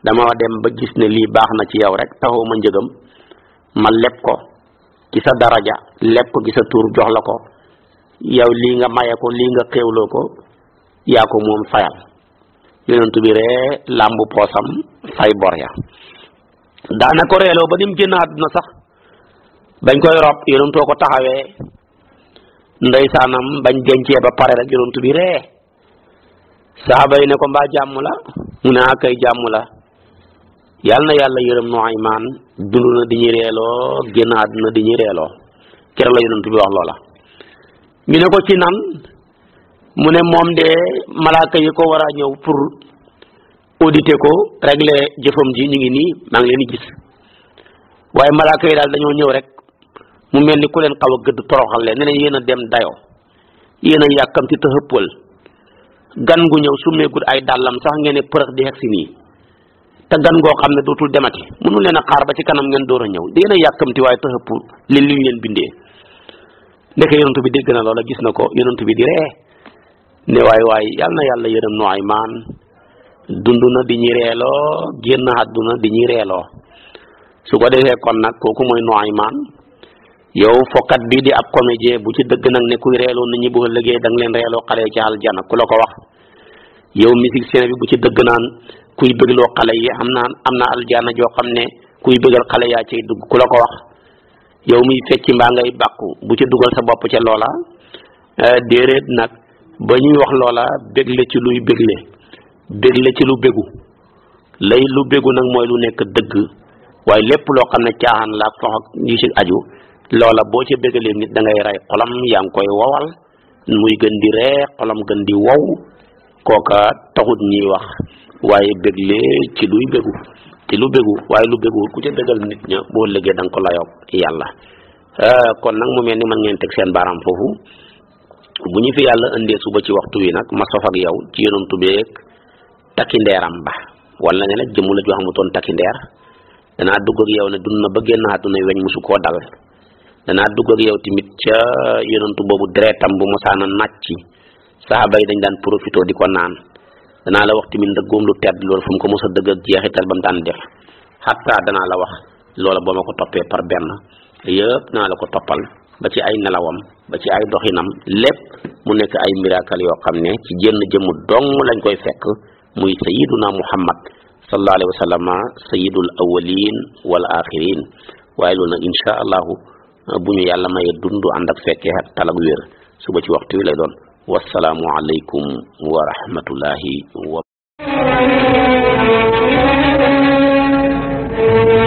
dama dem ba gis ne lii baax na ci yow rek taxoo ma njëgam ma leb ko ci sa daraja lekk ko ci sa jox la ko yow lii nga maye ko lii nga xéewloo ko yaa ko moom fayal yonent bi ree làmbu poosam fay bor ya daana ko reeloo ba ni mu génn àdduna sax bañ koy rob yonentoo ko taxawee ndeysaanam bi ree saaba ne ko mbaa jàmm la mu ne ah kay jàmm la yàlla na yàlla yërëm Nuaymaan dund na di ñu reeloo génn àdduna di ñu reeloo keroog la yonent bi wax loola ñu ne ko ci naan mu ne moom de malaaka yi ko war a ñëw pour auditer ko régler jëfam ji ñu ngi nii maa ngi leen gis waaye malaaka yi daal dañoo ñëw rek mu mel ni ku leen xaw a gëdd toroxal leen ne leen yéen a dem dayo yéen a yàkkamti te gan gu ñëw summeegul ay dàllam sax ngeen ne përëx di xeg si nii te gan ngoo xam ne dootul demati mënu leen a xaar ba ci kanam ngeen door a ñëw dee na yàkkamti waaye te xëpp li ñu leen bindee ndeke yonent bi dégg na loola gis na ko yonent bi di ree ne waay waay na yàlla yërëm Nuaymaan dund na di ñuy reeloo génn àdduna di ñuy reeloo su ko defee kon nag kooku mooy Nuaymaan yow fokkat bi di ab comédien bu ci dëgg nag ne kuy reeloo nit ñi bu ëllëgee da leen reeloo xale ci aljana ku la ko wax yow musique seen bi bu ci dëgg naan kuy bëggloo xale yi am naa am na aljaana joo xam ne kuy bëggal xale yaa ciy dugg ku la ko wax yow muy fecc mbaa ngay bàkku bu ci dugal sa bopp ca loola eh, déeréet nag ba ñuy wax loola bégle ci luy bégle bégle ci lu lay lu bégu nag mooy lu nekk dëgg waaye lépp loo xam ne caaxaan la ak fox yu ci aju loola boo ci bégalee nit da ngay rey xolam yaa ngi koy wowal muy gën di ree xolam gën di wow kooka taxut ñuy wax waaye béglee ci luy bégu ci lu bégu waaye lu béguwut ku ca bégal nit ña boo légee da nga ko layoog yàlla ah, kon nag mu mel ni mën ngeen teg seen baaraam foofu bu ñu fi yàlla indee suba ci waxtu wi nag ma sof ak yow ci yonantu beeg takki ndeeram ba wala ne jëmm la joo xamutoon takki ndeer danaa dugg yow ne dund na ba génn àdduna weñ musu koo dal danaa dugg ak yow tamit ca yonantu boobu deretam bu mosaana nàcc saaba yi dañ daan profité di ko naan danaa la wax tamit ndëggoom lu tedd loolu fu mu ko mos a dëgg ak jeexital ba mu daan def xatta danaa la wax loola boo ma ko toppee par benn yëpp naa la ko toppal ba ci ay nelawam ba ci ay doxinam lépp mu nekk ay miracle yoo xam ne ci jënn jëmm dong lañ koy fekk muy sayiduna muhammad sallallahu alayhi wa sallama sayidul awalin wal axirin waaye loolu nag incha allahu bu ñu yàlla maye dund ànd ak fekkee talak wér suba ci waxtu wi lay doon wasalaamu aleykum wa rahmatullahi wa